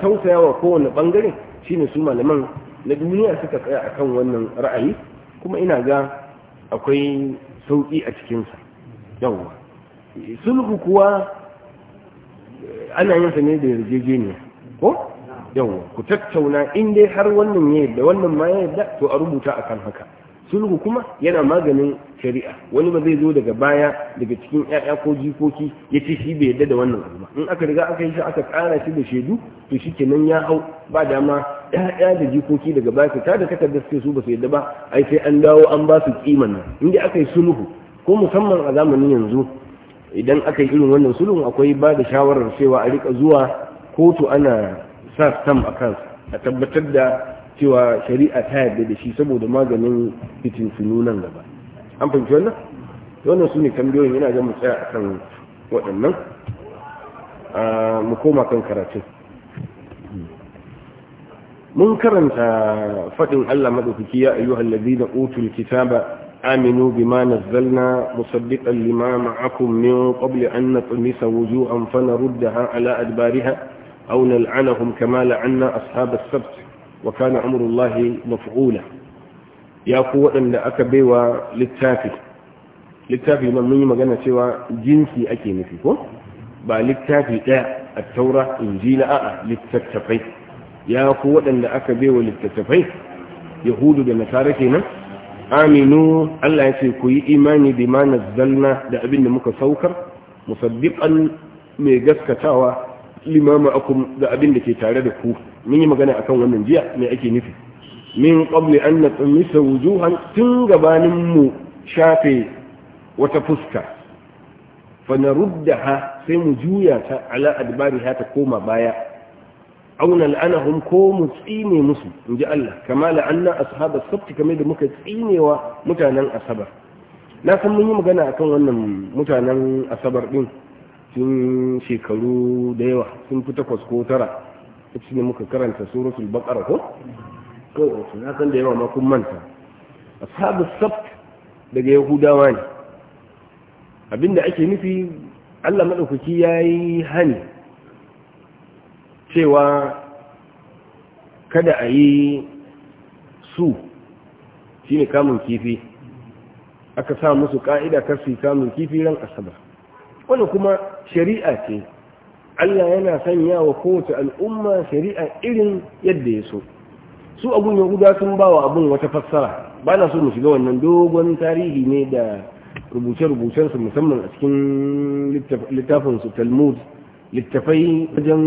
S2: tausaya wa kowane bangare shi ne su malaman na duniya suka tsaya a kan wannan ra'ayi kuma ina ga akwai sauƙi a cikinsa yawwa sulhu kuwa ana yin sa ne da yarjejeniya ko yawwa ku tattauna in dai har wannan ya yadda wannan ma ya yadda to a rubuta akan haka sulhu kuma yana maganin shari'a wani ba zai zo daga baya daga cikin ƴaƴa ko jikoki ya ce shi bai yadda da wannan abu ba in aka riga aka yi shi aka ƙara shi da shaidu to shi kenan ya hau ba dama ƴaƴa da jikoki daga baya su tada takardar suke su ba su yadda ba ai sai an dawo an ba su kiman nan in dai aka yi sulhu ko musamman a zamanin yanzu idan aka yi irin wannan sulhu akwai ba da shawarar cewa a riƙa zuwa kotu ana sa stamp a kansu a tabbatar da cewa shari'a ta yarda da shi saboda maganin fitintunu nan gaba an fahimci wannan wannan su ne tambayoyin yana ga mu tsaya a kan waɗannan mu koma kan karatun mun karanta faɗin Allah maɗaukaki ya ayyuhal ladina utul kitaba آمنوا بما نزلنا مصدقا لما معكم من قبل أن نطمس وجوها فنردها ala adbariha aw nal'anahum kama la'anna ashabas sabt wa kana amrullahi maf'ula ya ku waɗanda aka baiwa littafi littafi man mun yi magana cewa jinsi ake nufi ko ba littafi ɗaya a taura injila a'a littattafai ya ku waɗanda aka baiwa littattafai yahudu da nasara kenan aminu Allah ya ce ku yi imani bi ma nazzalna da abin da muka saukar musaddiqan mai gaskatawa limama akum da abin da ke tare da ku mun yi magana akan wannan jiya me ake nufi min qabli an natumisa wujuhan tun gabanin mu shafe wata fuska fa naruddaha sai mu juya ta ala adbariha ta koma baya aw nal'anahum ko mu tsine musu inji Allah kama la'anna ashabas sabt kamar da muka tsinewa mutanen asabar na san mun yi magana akan wannan mutanen asabar din tun shekaru da yawa sun fi takwas ko tara ita ne muka karanta suratul baqara ko ko na san da yawa ma kun manta ashabu sabt daga yahudawa ne abinda ake nufi Allah madaukaki yayi hani cewa kada a yi su shine kamun kifi aka sa musu ka'ida kar su kamun kifi ran asabar wani kuma shari'a ce Allah yana sanya wa kowace al'umma shari'a irin yadda ya so su abun guda sun ba wa abun wata fassara ba na so mu shiga wannan dogon tarihi ne da rubuce-rubucensu musamman a cikin littafinsu talmud littafai wajen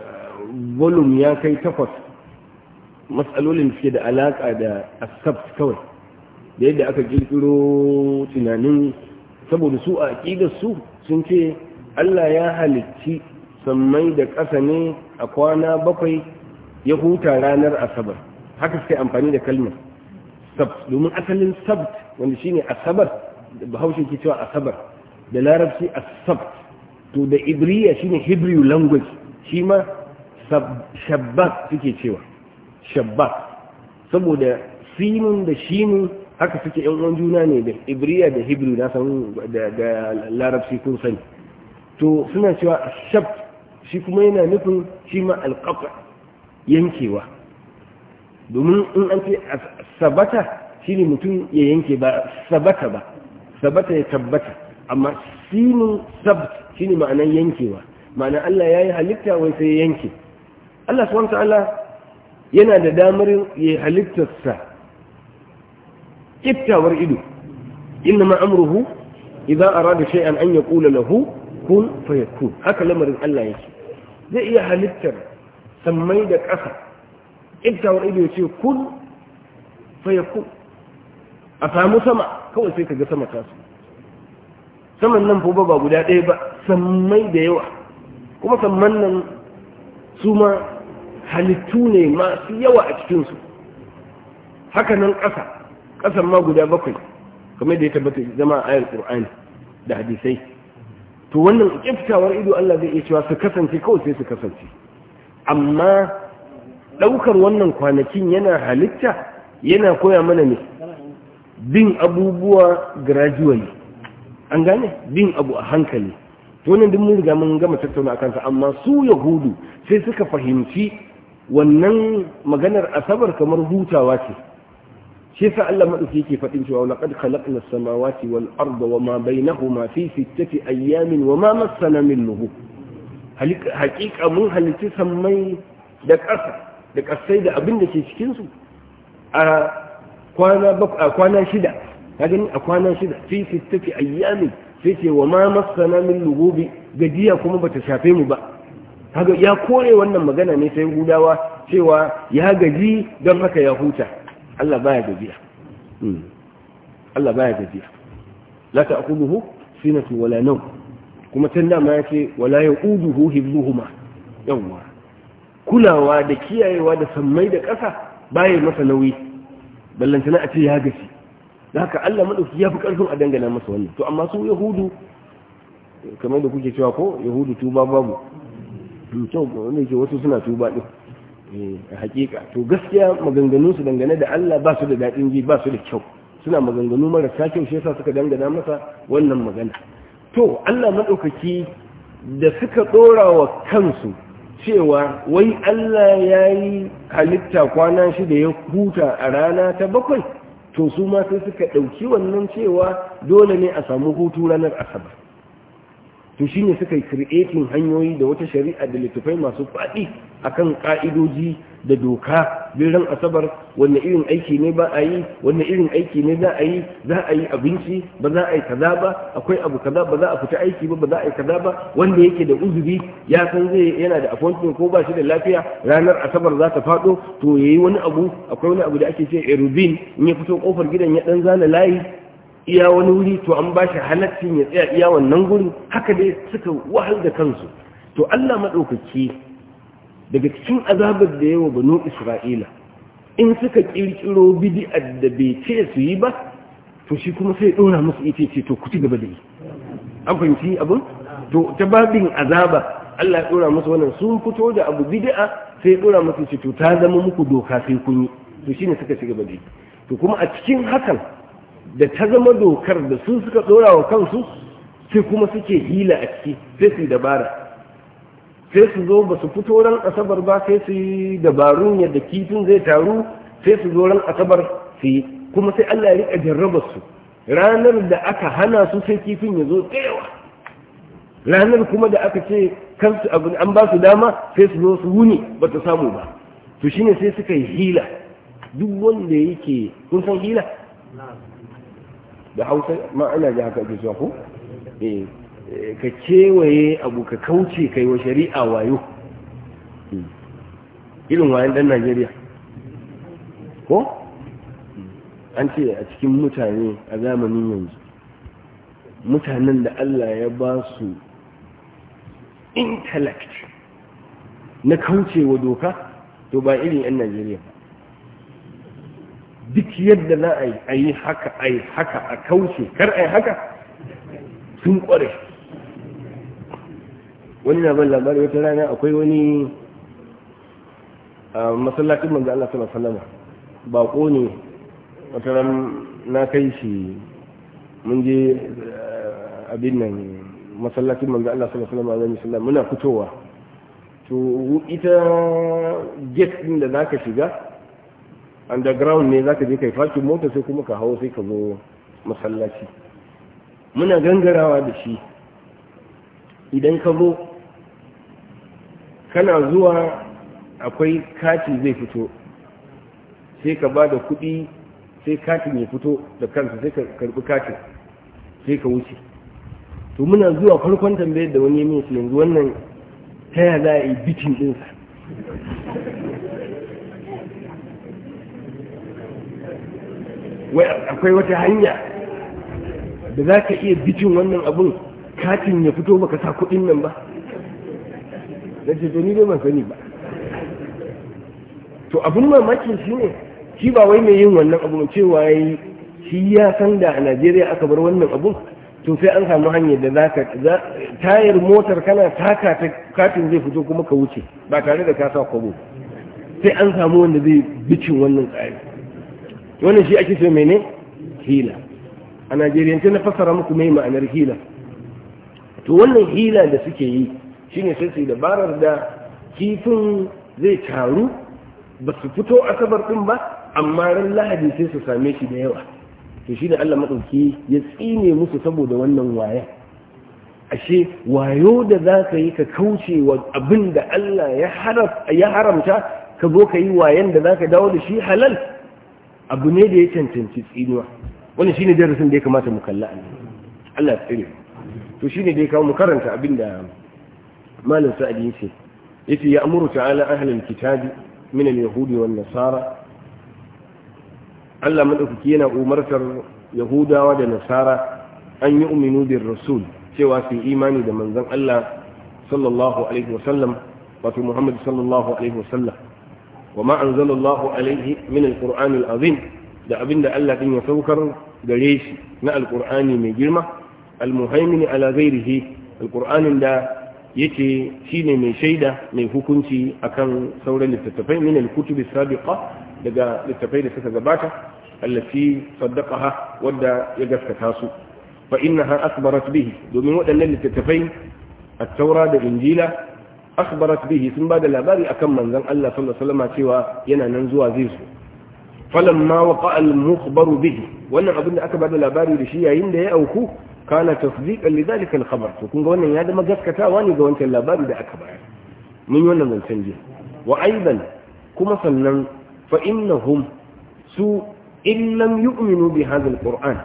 S2: eh, volum ya kai takwas matsalolin ke da alaƙa da asab kawai da yadda aka kirkiro tunanin saboda su a aqidar su sun ce Allah ya halicci sammai da ƙasa ne a kwana bakwai ya huta ranar asabar haka suka amfani da kalmar sabt domin asalin sabt wanda shi ne asabar da bahaushe ke cewa asabar da larabci a asabt to da ibriya shi ne hebrew language shi ma shabbak suke cewa shabbak saboda sinin da shinin haka suke yan uwan juna ne da ibriya da hebrew na san da larabci kun sani to suna cewa shab shi kuma yana nufin shi ma alƙaƙa yankewa domin in an ce sabata shi ne mutum ya yanke ba sabata ba sabata ya tabbata amma sinin sabt shi ne ma'anar yankewa ma'ana Allah ya yi halitta wai sai ya yanke Allah subhanahu wa ta'ala yana da damar ya halitta sa. kiftawar ido inna ma amruhu idza arada shay'an an yaqula lahu kun fayakun haka lamarin Allah yake zai iya halittar sammai da ƙasa kiftawar ido ya ce kun fayakun a samu sama kawai sai ka ga sama tasu saman nan fa ba guda ɗaya ba sammai da yawa kuma samman nan su ma halittu ne masu yawa a cikinsu haka nan ƙasa kasar ma guda bakwai kamar da ya tabbata zama a ayar Al-Ƙur'ani da hadisai to wannan ƙiftawar ido Allah zai iya cewa su kasance kawai sai su kasance amma ɗaukar wannan kwanakin yana halitta yana koya mana ne bin abubuwa gradually an gane bin abu a hankali to wannan duk mun riga mun gama tattauna akan sa amma su yahudu sai suka fahimci wannan maganar asabar kamar hutawa ce shi sa Allah madauki yake fadin cewa laqad khalaqna as-samawati wal arda wama bainahuma fi sittati ayyamin wama massana min lughub haƙiƙa mun halitta samai da ƙasa da ƙasai da abin da ke cikin su a kwana a kwana shida ka a kwana shida fi sittati ayyamin sai ce wama ma massana min lugubi gajiya kuma bata shafe mu ba kaga ya kore wannan magana ne sai gudawa cewa ya gaji don haka ya huta Allah baya gajiya hmm. Allah baya gajiya la ta'kuluhu sinatu wala nawm kuma tun dama yake wala yaquduhu hibluhuma yawwa kulawa da kiyayewa da sammai da ƙasa baya masa nauyi ballanta na a ce ya gaci, da haka Allah madauki ya fi ƙarfin a dangana masa wannan to amma su yahudu kamar da kuke cewa ko yahudu tuba babu hmm, to ne yake wasu suna tuba din Eh, hakika to gaskiya maganganun su dangane da Allah ba su da daɗin ji ba su da kyau suna maganganu marasa kyau shi yasa suka dangana masa wannan magana to Allah madaukaki da suka dora wa kansu cewa wai Allah ya yi halitta kwana shi da ya huta a rana ta bakwai to su ma sai suka ɗauki wannan cewa dole ne a samu hutu ranar asabar to shi ne suka yi kirietin hanyoyi da wata shari'a da littattafai masu faɗi a kan ka'idoji da doka birnin asabar wanne irin aiki ne ba a yi wanne irin aiki ne za a yi za a yi abinci ba za a yi kaza ba akwai abu kaza ba za a fita aiki ba ba za a yi kaza ba wanda yake da uzuri ya san zai yana da appointment ko ba shi da lafiya ranar asabar za ta faɗo to yayi wani abu akwai wani abu da ake ce erubin in ya fito kofar gidan ya ɗan zana layi iya wani wuri to an ba shi halaccin ya tsaya iya wannan guri haka dai suka wahal da kansu to Allah maɗaukaki daga cikin azabar da yawa banu Isra'ila in suka kirkiro bidi'ar da bai ce su yi ba to shi kuma sai ɗora musu ita ce to ku ci gaba da yi an fahimci abin to ta babin azaba Allah ya ɗora musu wannan sun fito da abu bidi'a sai ya ɗora musu ce to ta zama muku doka sai kun yi to shine suka ci gaba da yi to kuma a cikin hakan da ta zama dokar da su suka dora wa kansu sai kuma suke hila a ciki sai su dabara sai su zo ba su fito ran asabar ba sai su yi dabarun yadda kifin zai taru sai su zo ran asabar su yi kuma sai Allah ya rika jarrabar su ranar da aka hana su sai kifin ya zo tsayawa ranar kuma da aka ce kansu abin an ba su dama sai su zo su wuni ba ta samu ba to shine sai suka yi hila duk wanda yake kun san hila da hausa ma ana haka ake ku eh, eh, ka kewaye abu ka kauce kai wa shari'a wayo hmm. irin wayan dan Najeriya ko hmm. an ce a cikin mutane a zamanin yanzu mutanen da Allah ya ba su intellect na kauce wa doka to ba irin 'yan Najeriya duk yadda na a yi haka a yi haka a kauce kar a yi haka sun kware wani na ban labari wata rana akwai wani a masallacin manzo Allah sallallahu alaihi wasallam ko ne wata ran na kai shi mun je abin nan masallacin manzo Allah sallallahu alaihi wasallam muna fitowa to ita gate din da zaka shiga underground ne za ka je kai fashin mota sai kuma ka hau sai ka zo masallaci muna gangarawa da shi idan ka zo kana zuwa akwai kati zai fito sai ka ba da kuɗi sai katin ya fito da kansa sai ka karbi katin sai ka wuce to muna zuwa farkon tambayar da wani mai yanzu wannan ta ya za a yi bitin ɗinsa
S3: akwai wata hanya
S2: da za ka iya bikin wannan abun katin ya fito baka sa kuɗin nan ba na ce ni ne ban sani ba to abun mamakin shi ne shi ba wai mai yin wannan abin cewa yi shi ya san da a najeriya aka bar wannan abun to sai an samu hanyar da za ka tayar motar kana taka ta katin zai fito kuma ka wuce ba tare da ka sa kwabo sai an samu wanda zai bicin wannan tsari wannan shi ake cewa mene hila a najeriyance na fassara muku mai ma'anar hila to wannan hila da suke yi shine sai su dabarar da kifin zai taru ba su fito asabar din ba amma ran lahadi sai su same shi da yawa to shi da Allah maɗauki ya tsine musu saboda wannan waya ashe wayo da za ka yi ka kauce wa abin da Allah ya haramta ka zo ka yi wayan da za ka dawo da shi halal abu ne da ya cancanci tsinuwa wannan shine darasin da ya kamata mu kalla an Allah ya tsire to shine da ya kawo mu karanta abinda malam sa'adi yace yace ya amuru ta'ala ahlul kitabi min al-yahudi wan nasara Allah madaukaki yana umartar yahudawa da nasara an yi uminu bir rasul cewa su imani da manzon Allah sallallahu alaihi wasallam wato Muhammad sallallahu alaihi wasallam wa ma anzalallahu alaihi minal alqur'an azim, da abin da Allah din ya saukar gare shi na alqur'ani mai girma al ala ghairihi alqur'anin da yake shine mai shaida mai hukunci akan sauran littattafai min alkutubi sabiqa daga littattafai da suka gabata allati saddaqaha wadda ya gaskata su fa innaha akbarat bihi domin waɗannan littattafai at-taura da injila akhbarat bihi sun ba da labari akan manzon Allah sallallahu alaihi wasallam cewa yana nan zuwa zai zo. falamma waqa al mukhbaru bihi wannan abin da aka ba da labari da shi yayin da ya auku kana tasdiqan li dhalika al khabar to kun ga wannan ya zama gaskatawa ne ga wancan labari da aka bayar mun yi wannan zancen je wa aidan kuma sannan fa innahum su in lam yu'minu bi hadha al qur'an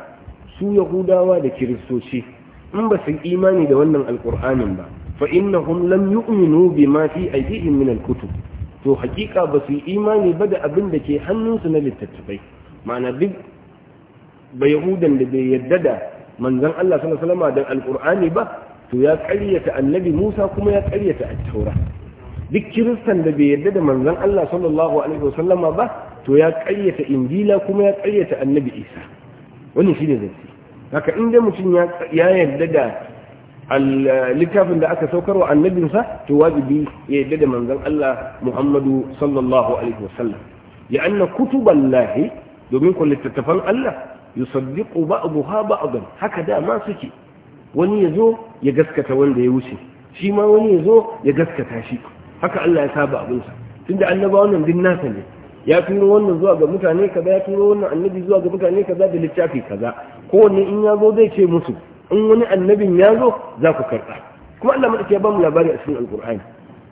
S2: su yahudawa da kiristoci in ba su imani da wannan alqur'anin ba fa innahum lam yu'minu bima fi aydihim min al to hakika ba su yi imani ba da abin da ke hannunsu na littattafai ma'ana duk ba yahudan da bai yadda da manzon Allah sallallahu Salama da alqur'ani ba to ya ƙaryata annabi Musa kuma ya ƙaryata at-taura duk kiristan da bai yadda da manzon Allah sallallahu alaihi wasallama ba to ya ƙaryata injila kuma ya ƙaryata annabi Isa wannan shine zance haka inda mutum ya yarda da Eh, littafin da aka saukar wa annabinsa to wajibi ya yadda da manzon Allah Muhammadu sallallahu alaihi wasallam ya anna kutuban lahi domin ku littattafan Allah yusaddiqu ba'daha ba'dan haka da ma suke wani yazo ya gaskata wanda ya wuce shi ma wani yazo ya gaskata shi haka Allah ya saba abinsa tunda annabawan nan din nasa ne ya turo wannan zuwa ga mutane kaza ya turo wannan annabi zuwa ga mutane kaza da littafi kaza kowanne in ya zo zai ce musu in wani annabin ya zo za ku karɓa kuma Allah madaki ya ba mu labari a cikin alkur'ani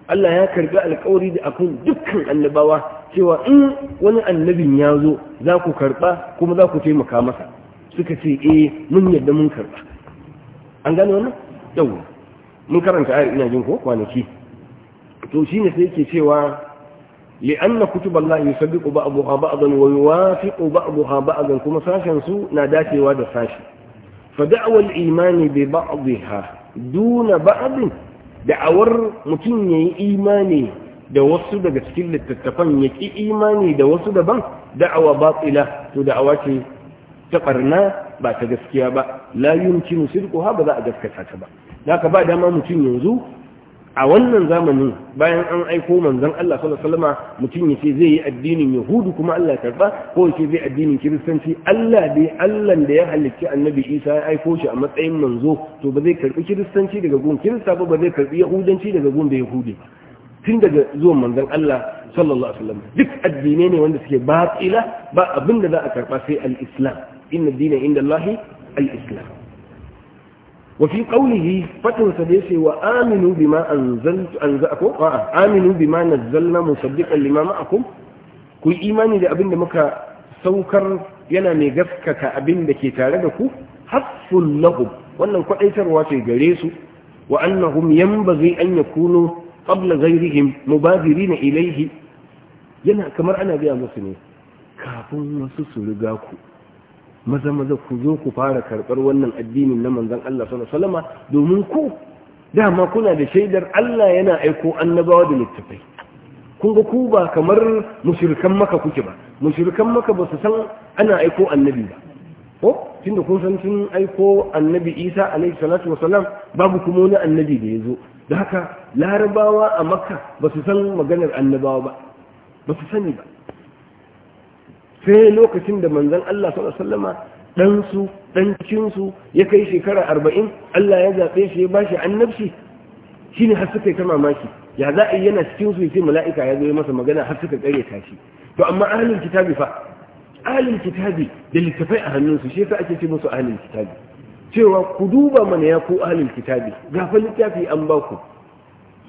S2: Allah ya karɓi alƙawari da akan dukkan annabawa cewa in wani annabin ya zo za ku karɓa kuma za ku taimaka masa suka ce eh mun yadda mun karɓa an gane wannan yau mun karanta ayar ina jin ko kwanaki to shine sai yake cewa لأن كتب الله يسبق بعضها بعضا ويوافق بعضها بعضا كما ساشن na ناداتي وادا sashi. فدعوى الإيمان ببعضها دون بعض da'awar mutum ya yi imani da wasu daga cikin littattafan ya ki imani da wasu daban da'awa batsila to da'awa ce ta ɓarna ba ta gaskiya ba la yumkinu sidquha ba za a gaskata ta ba da ka ba dama mutum yanzu a wannan zamanin bayan an aiko manzon Allah sallallahu alaihi wasallam mutum zai yi addinin yahudu kuma Allah karba ko yace zai addinin kiristanci Allah dai Allah da ya halicci annabi Isa ya aiko shi a matsayin manzo to ba zai karbi kiristanci daga gun kirista ba ba zai karbi yahudanci daga gun da yahudi tun daga zuwan manzon Allah sallallahu alaihi wasallam duk addinai ne wanda suke batila ba abin da za a karba sai al-islam inna dina inda Allah al-islam وفي قوله فتن سديسي وآمنوا بما أنزلت أنزأكم آه. آمنوا بما نزلنا مصدقا لما معكم كل إيماني لأبن muka سوكر yana mai gaskata abin da ke tare da ku hassun wannan kwadaitarwa ce gare su wa annahum yanbaghi an yakunu qabla ghayrihim mubadirin ilayhi yana kamar ana biya musu ne kafin wasu su riga ku maza maza ku zo ku fara karɓar wannan addinin na manzon Allah sallallahu domin ku dama kuna da shaidar Allah yana aiko annabawa da littafai kun ga ku ba kamar mushrikan maka kuke ba mushrikan maka ba su san ana aiko annabi ba ko tunda kun san sun aiko annabi Isa alaihi salatu wasalam babu kuma wani annabi da ya zo da haka larabawa a makka ba su san maganar annabawa ba ba su sani ba sai lokacin da manzan Allah sallallahu ɗansu, ɗankinsu, ya kai shekara arba'in, Allah ya zaɓe shi ya ba bashi annabci shi har suka yi ta mamaki ya za a yi yana cikinsu su sai mala'ika ya zo masa magana har suka kare ta shi to amma ahalin kitabi fa ahalin kitabi da littafai a hannunsu shi yasa ake ce musu ahalin kitabi cewa ku duba mana ya ku ahalin kitabi ga littafi an ba ku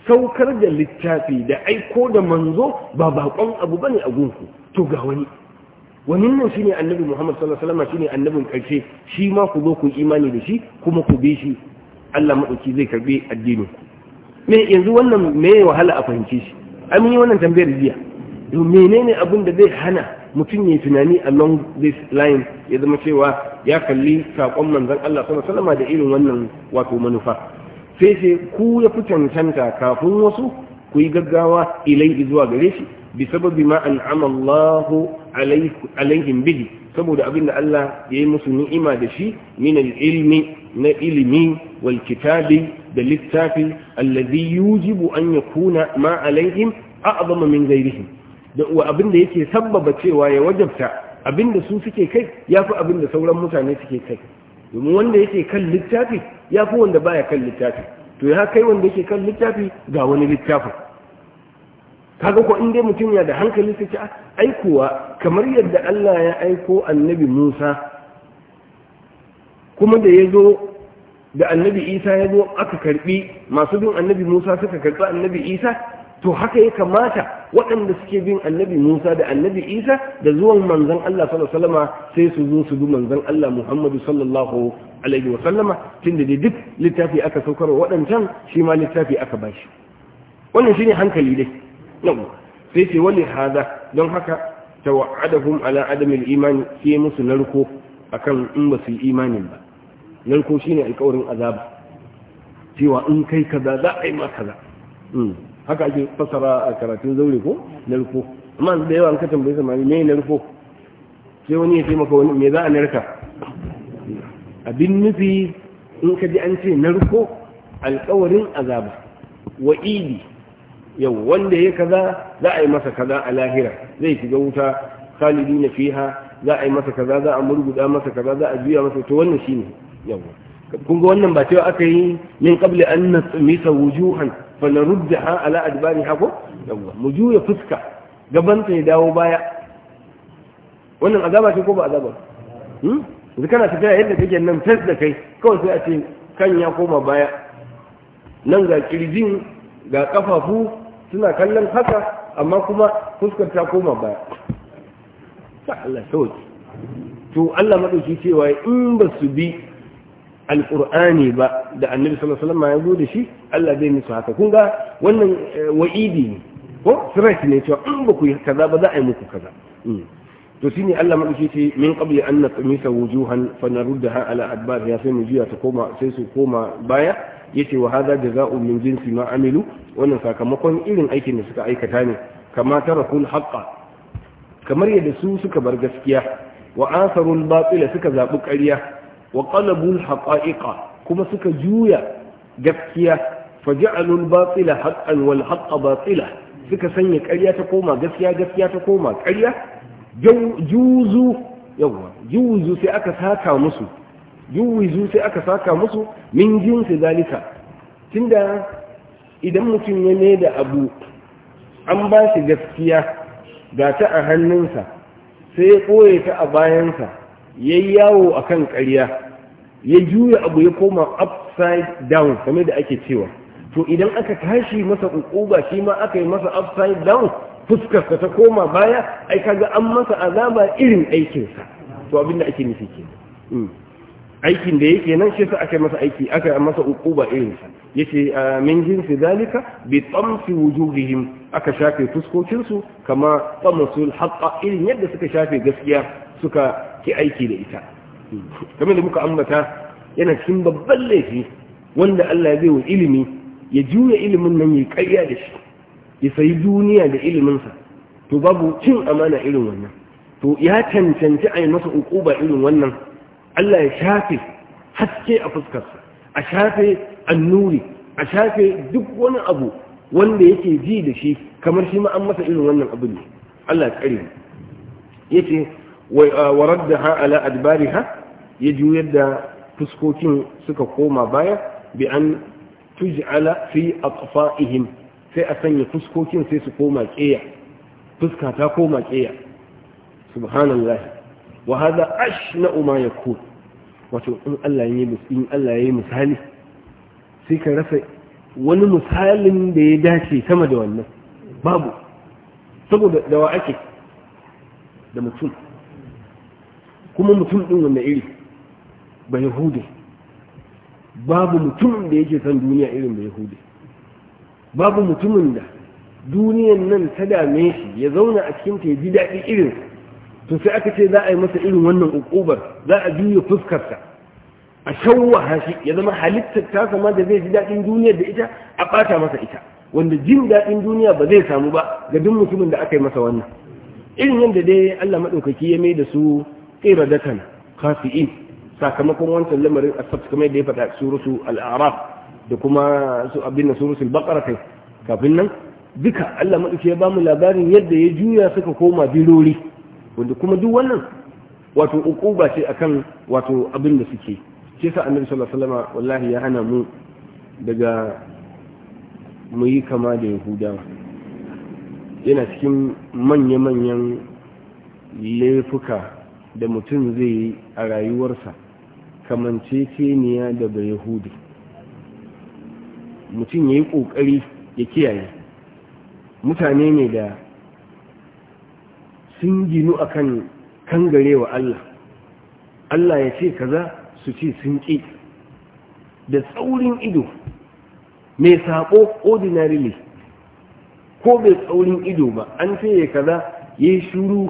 S2: saukar da littafi da aiko da manzo ba baƙon abu bane a gunku to ga wani wannan nan shine annabi Muhammad sallallahu alaihi wasallam ne annabin karshe shi ma ku zo ku imani da shi kuma ku bi shi Allah madauki zai karbe addinin ku me yanzu wannan me wahala a fahimce shi an yi wannan tambayar jiya Don menene abin da zai hana mutum ya tunani along this line ya zama cewa ya kalli sakon manzon Allah sallallahu alaihi wasallam da irin wannan wato manufa sai sai ku ya fi cancanta kafin wasu ku yi gaggawa ilai zuwa gare shi bi sababi ma an'ama Allahu alaihim bihi saboda abin da Allah ya yi musu ni'ima da shi min ilmi na ilimi wal kitabi da littafi allazi yujibu an yakuna ma alaihim a'zama min ghairihim da abin da yake sabbaba cewa ya wajabta abin da su suke kai yafi abin da sauran mutane suke kai domin wanda yake kan littafi yafi wanda baya kan littafi to ya kai wanda yake kan littafi ga wani littafin kaga ko in dai mutum ya da hankali sai ce ah, aikuwa kamar yadda Allah ya aiko annabi Musa kuma da ya zo da annabi Isa ya zo aka karbi masu bin annabi Musa suka karbi annabi Isa to haka ya kamata waɗanda suke bin annabi Musa da annabi Isa da zuwan manzon Allah sallallahu alaihi wasallama sai su zo su bi manzon Allah Muhammadu sallallahu alaihi wasallama tunda da duk littafi aka saukar waɗancan shi ma littafi aka bashi wannan shine hankali dai yau sai ce wani haza don haka tawa'adahum ala adamin imani sai musu narko akan in ba su yi imanin ba narko shi ne alƙawarin azaba cewa in kai kaza za a yi ma kaza hmm. haka ake fasara a karatun zaure ko narko amma da yawa an ka tambayi samari me narko sai wani ya taimaka wani me za a narka abin nufi in ka ji an ce narko alkawarin azaba wa'idi yau wanda ya kaza za a yi masa kaza a lahira zai shiga wuta khalidi na fiha za a yi masa kaza za a murguda masa kaza za a juya masa to wannan shine yau kun ga wannan ba cewa aka yi min qabli an nasmisa wujuhan fa naruddaha ala adbari hako? yau mu juya fuska gaban ta ya dawo baya wannan azaba ce ko ba azaba hmm kana tafiya yadda kake nan fes da kai kawai sai a ce kan ya koma baya nan ga kirjin ga kafafu suna kallon haka amma kuma fuskar ta koma baya ta Allah wuce to Allah maɗauki cewa in ba su bi alƙur'ani ba da annabi sallallahu alaihi wasallam ya zo da shi Allah zai musu haka kun ga wannan eh, wa'idi ne ko threat ne cewa in ba ku yi kaza ba za a yi muku kaza hmm. to shi ne Allah maɗauki ce min qabli an naqmisa wujuhan fa naruddaha ala adbar ya sai mu jiya ta koma sai su koma baya yace wa da jazaa'u min jinsi ma amilu wannan sakamakon irin aikin da suka aikata ne kama tarakul haqqa kamar yadda su suka bar gaskiya wa asarul batila suka zabi ƙarya wa qalabul haqa'iqa kuma suka juya gaskiya faja'alul batila haqqan wal haqqa batila suka sanya ƙarya ta koma gaskiya gaskiya ta koma ƙarya juzu yawa juzu sai aka saka musu yuwizu sai aka saka musu min jinsi zalika tunda idan mutum ya ne da abu an ba shi gaskiya ga ta a hannunsa sai ya ɓoye ta a bayansa ya yi yawo a kan ƙarya ya juya abu ya koma upside down kamar da ake cewa to idan aka tashi masa ƙuƙuba, shi ma aka yi masa upside down fuskarsa ta koma baya ai kaga an masa azaba irin aikinsa to abin da ake nufi kenan hmm. aikin da yake nan shi sa aka masa aiki aka masa ukuba irin sa yace ah, min jinsi zalika bi tamsi wujuhihim aka shafe fuskokin su kama tamsul haqa irin yadda suka shafe gaskiya suka ki aiki da ita kamar da muka ambata yana cikin babban laifi wanda Allah zai wa ilimi ya juya ilimin nan ya ƙarya da shi ya sayi duniya da ilimin sa to babu cin amana irin wannan to ya cancanci a yi masa ukuba irin wannan Allah ya shafe haske a fuskarsa a shafe annuri a shafe duk wani abu wanda yake ji da shi kamar shi ma'ammasa masa irin wannan abu ne Allah ya kare yace da raddaha ala ha, ya juyar da fuskokin suka koma baya bi an tuj'ala fi atfa'ihim sai a sanya fuskokin sai su koma ƙeya, fuska ta koma ƙeya, subhanallahi wa hadha ashna'u ma yakun wato in Allah ya yi in Allah ya yi misali sai ka rasa wani misalin da ya dace sama da wannan babu saboda dawa ake da mutum kuma mutum din wanda iri ba yahudi babu mutumin da yake son duniya irin da yahudi babu mutumin da duniyan nan ta dame shi ya zauna a cikin ta ya ji daɗi irinsa to sai aka ce za a yi masa irin wannan ukubar za a juya fuskarsa a shawwaha shi ya zama halittar ta sama da zai ji daɗin duniyar da ita a ɓata masa ita wanda jin daɗin duniya ba zai samu ba ga duk mutumin da aka yi masa wannan irin yadda dai Allah maɗaukaki ya mai da su ƙira datan kafi'in sakamakon wancan lamarin asab kamar da ya faɗa surutu al'araf da kuma su abin da surutu al kafin nan duka Allah maɗaukaki ya bamu labarin yadda ya juya suka koma birori wanda kuma duk wannan wato ukuba ce akan wato abin da suke shi sa annabi sallallahu alaihi wasallam wallahi ya hana mu daga mu yi kama da yahudawa yana cikin manya-manyan laifuka da mutum zai yi a rayuwarsa kamanceceniya da daga yahudi mutum ya yi ƙoƙari ya kiyaye mutane ne da sun ginu kangare wa Allah Allah ya ce kaza su ce sun ƙi da tsaurin ido mai saƙo ordinarily ko bai tsaurin ido ba an ce ya kaza ya yi shuru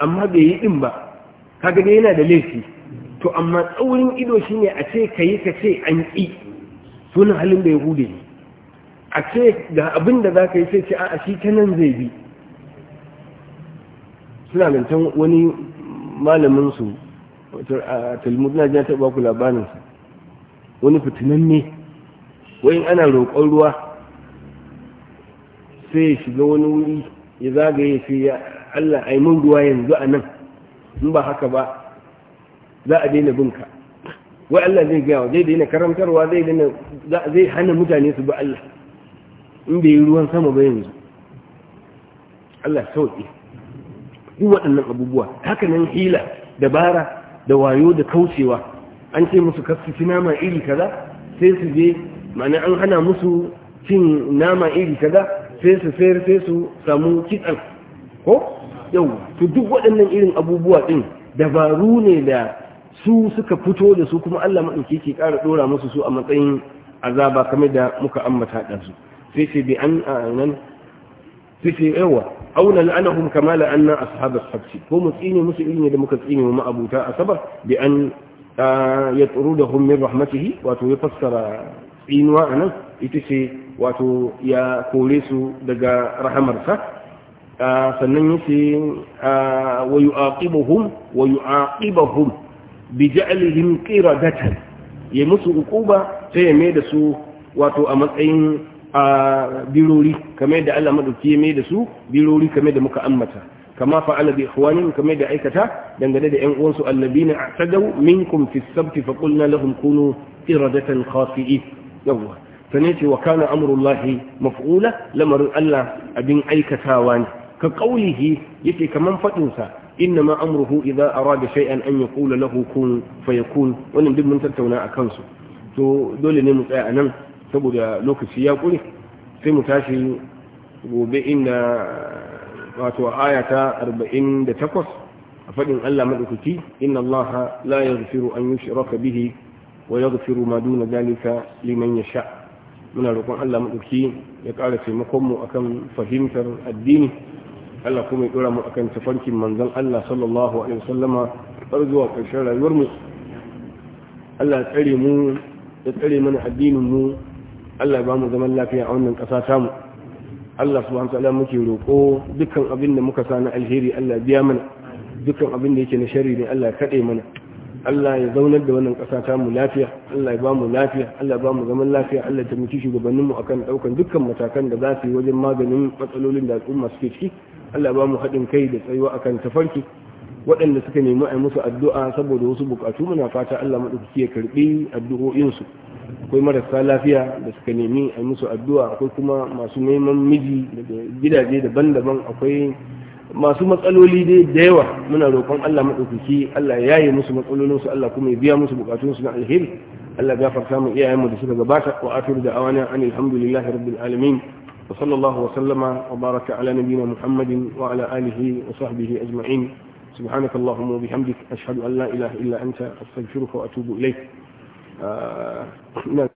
S2: amma bai yi ɗin ba kaga gada yana da laifi to amma tsaurin ido shine a ce ka yi ka ce an ƙi sunan halin da ya hude ne a ce da abin da za ka yi sai ce a shi ta nan zai bi suna nan wani malamin su a talmud ta jan taɓa ku labarin su wani fitinanne wani ana roƙon ruwa sai ya shiga wani wuri ya zagaye sai ya Allah aimin ruwa yanzu a nan in ba haka ba za a daina binka wai Allah zai gaya wa zai daina karamtarwa zai daina zai hana mutane su ba Allah in bai yi ruwan sama ba yanzu Allah sauƙi duk waɗannan abubuwa haka nan hila dabara da wayo da kaucewa an ce musu kasu ci nama iri kaza sai su je ma'ana an hana musu cin nama iri kaza sai su sayar sai su samu kitsan ko yau to duk waɗannan irin abubuwa ɗin dabaru ne da su suka fito da su kuma Allah maɗauki ke ƙara ɗora musu su a matsayin azaba kamar da muka ambata ɗansu sai ce bi an nan suke yawa auna la'anahum kama la'anna ashabas habsi ko mu tsine musu irin da muka tsine mu abuta asaba bi an yatrudahum min rahmatihi wato ya fassara tsinuwa anan ita ce wato ya kore su daga rahamarsa sannan yace wa yu'aqibuhum wa yu'aqibuhum bi ja'lihim qiradatan ya musu uquba sai ya mai da su wato a matsayin a birori kamar da Allah madauki mai da su birori kamar da muka ammata kama fa'ala bi ikhwanin kamar da aikata dangane da ƴan uwansu allabina a'tadaw minkum fi sabti fa qulna lahum kunu iradatan khafi'i yawwa sanai ce wa kana amrullahi maf'ula lamarin Allah abin aikatawa ne ka qaulihi yake kaman fadin sa إنما أمره إذا أراد شيئا أن يقول له كن فيكون ولم دب tattauna تتونا أكنسو to dole ne mu tsaya a nan saboda lokaci ya ƙure sai mu tashi gobe inda wato aya ta 48 a faɗin Allah maɗaukaki inna Allah la yaghfiru an yushraka bihi wa yaghfiru ma duna zalika liman yasha muna roƙon Allah maɗaukaki ya ƙara taimakon mu akan fahimtar addini Allah kuma ya ɗora mu akan tafarkin manzon Allah sallallahu alaihi wasallama har zuwa ƙarshen rayuwar mu Allah ya tsare mu ya tsare mana addinin mu Allah ba mu zaman lafiya a wannan ƙasa mu Allah subhanahu ta'ala muke roƙo dukkan abin da muka sa na alheri Allah biya mana dukkan abin da yake na sharri ne Allah kaɗe mana Allah ya zaunar da wannan ƙasa mu lafiya Allah ya ba mu lafiya Allah ba mu zaman lafiya Allah ya taimaki shugabanninmu akan ɗaukan dukkan matakan da za su yi wajen maganin matsalolin da al'umma suke ciki Allah ba mu haɗin kai da tsayuwa akan tafarki waɗanda suka nemi a musu addu'a saboda wasu buƙatu muna fata Allah maɗaukaki ya karɓi addu'o'insu akwai marasa lafiya da suka nemi a musu addu'a akwai kuma masu neman miji daga gidaje daban-daban akwai masu matsaloli dai da yawa muna roƙon Allah maɗaukaki Allah ya yi musu su Allah kuma ya biya musu bukatunsu na alheri Allah ya farta mu iyayenmu da suka gabata wa atur da awana an alhamdulillahi rabbil alamin wa sallallahu wa sallama wa baraka ala nabiyyina muhammadin wa ala alihi wa sahbihi ajma'in subhanakallahumma wa bihamdik ashhadu an la ilaha illa anta astaghfiruka wa atubu ilayk 呃，那。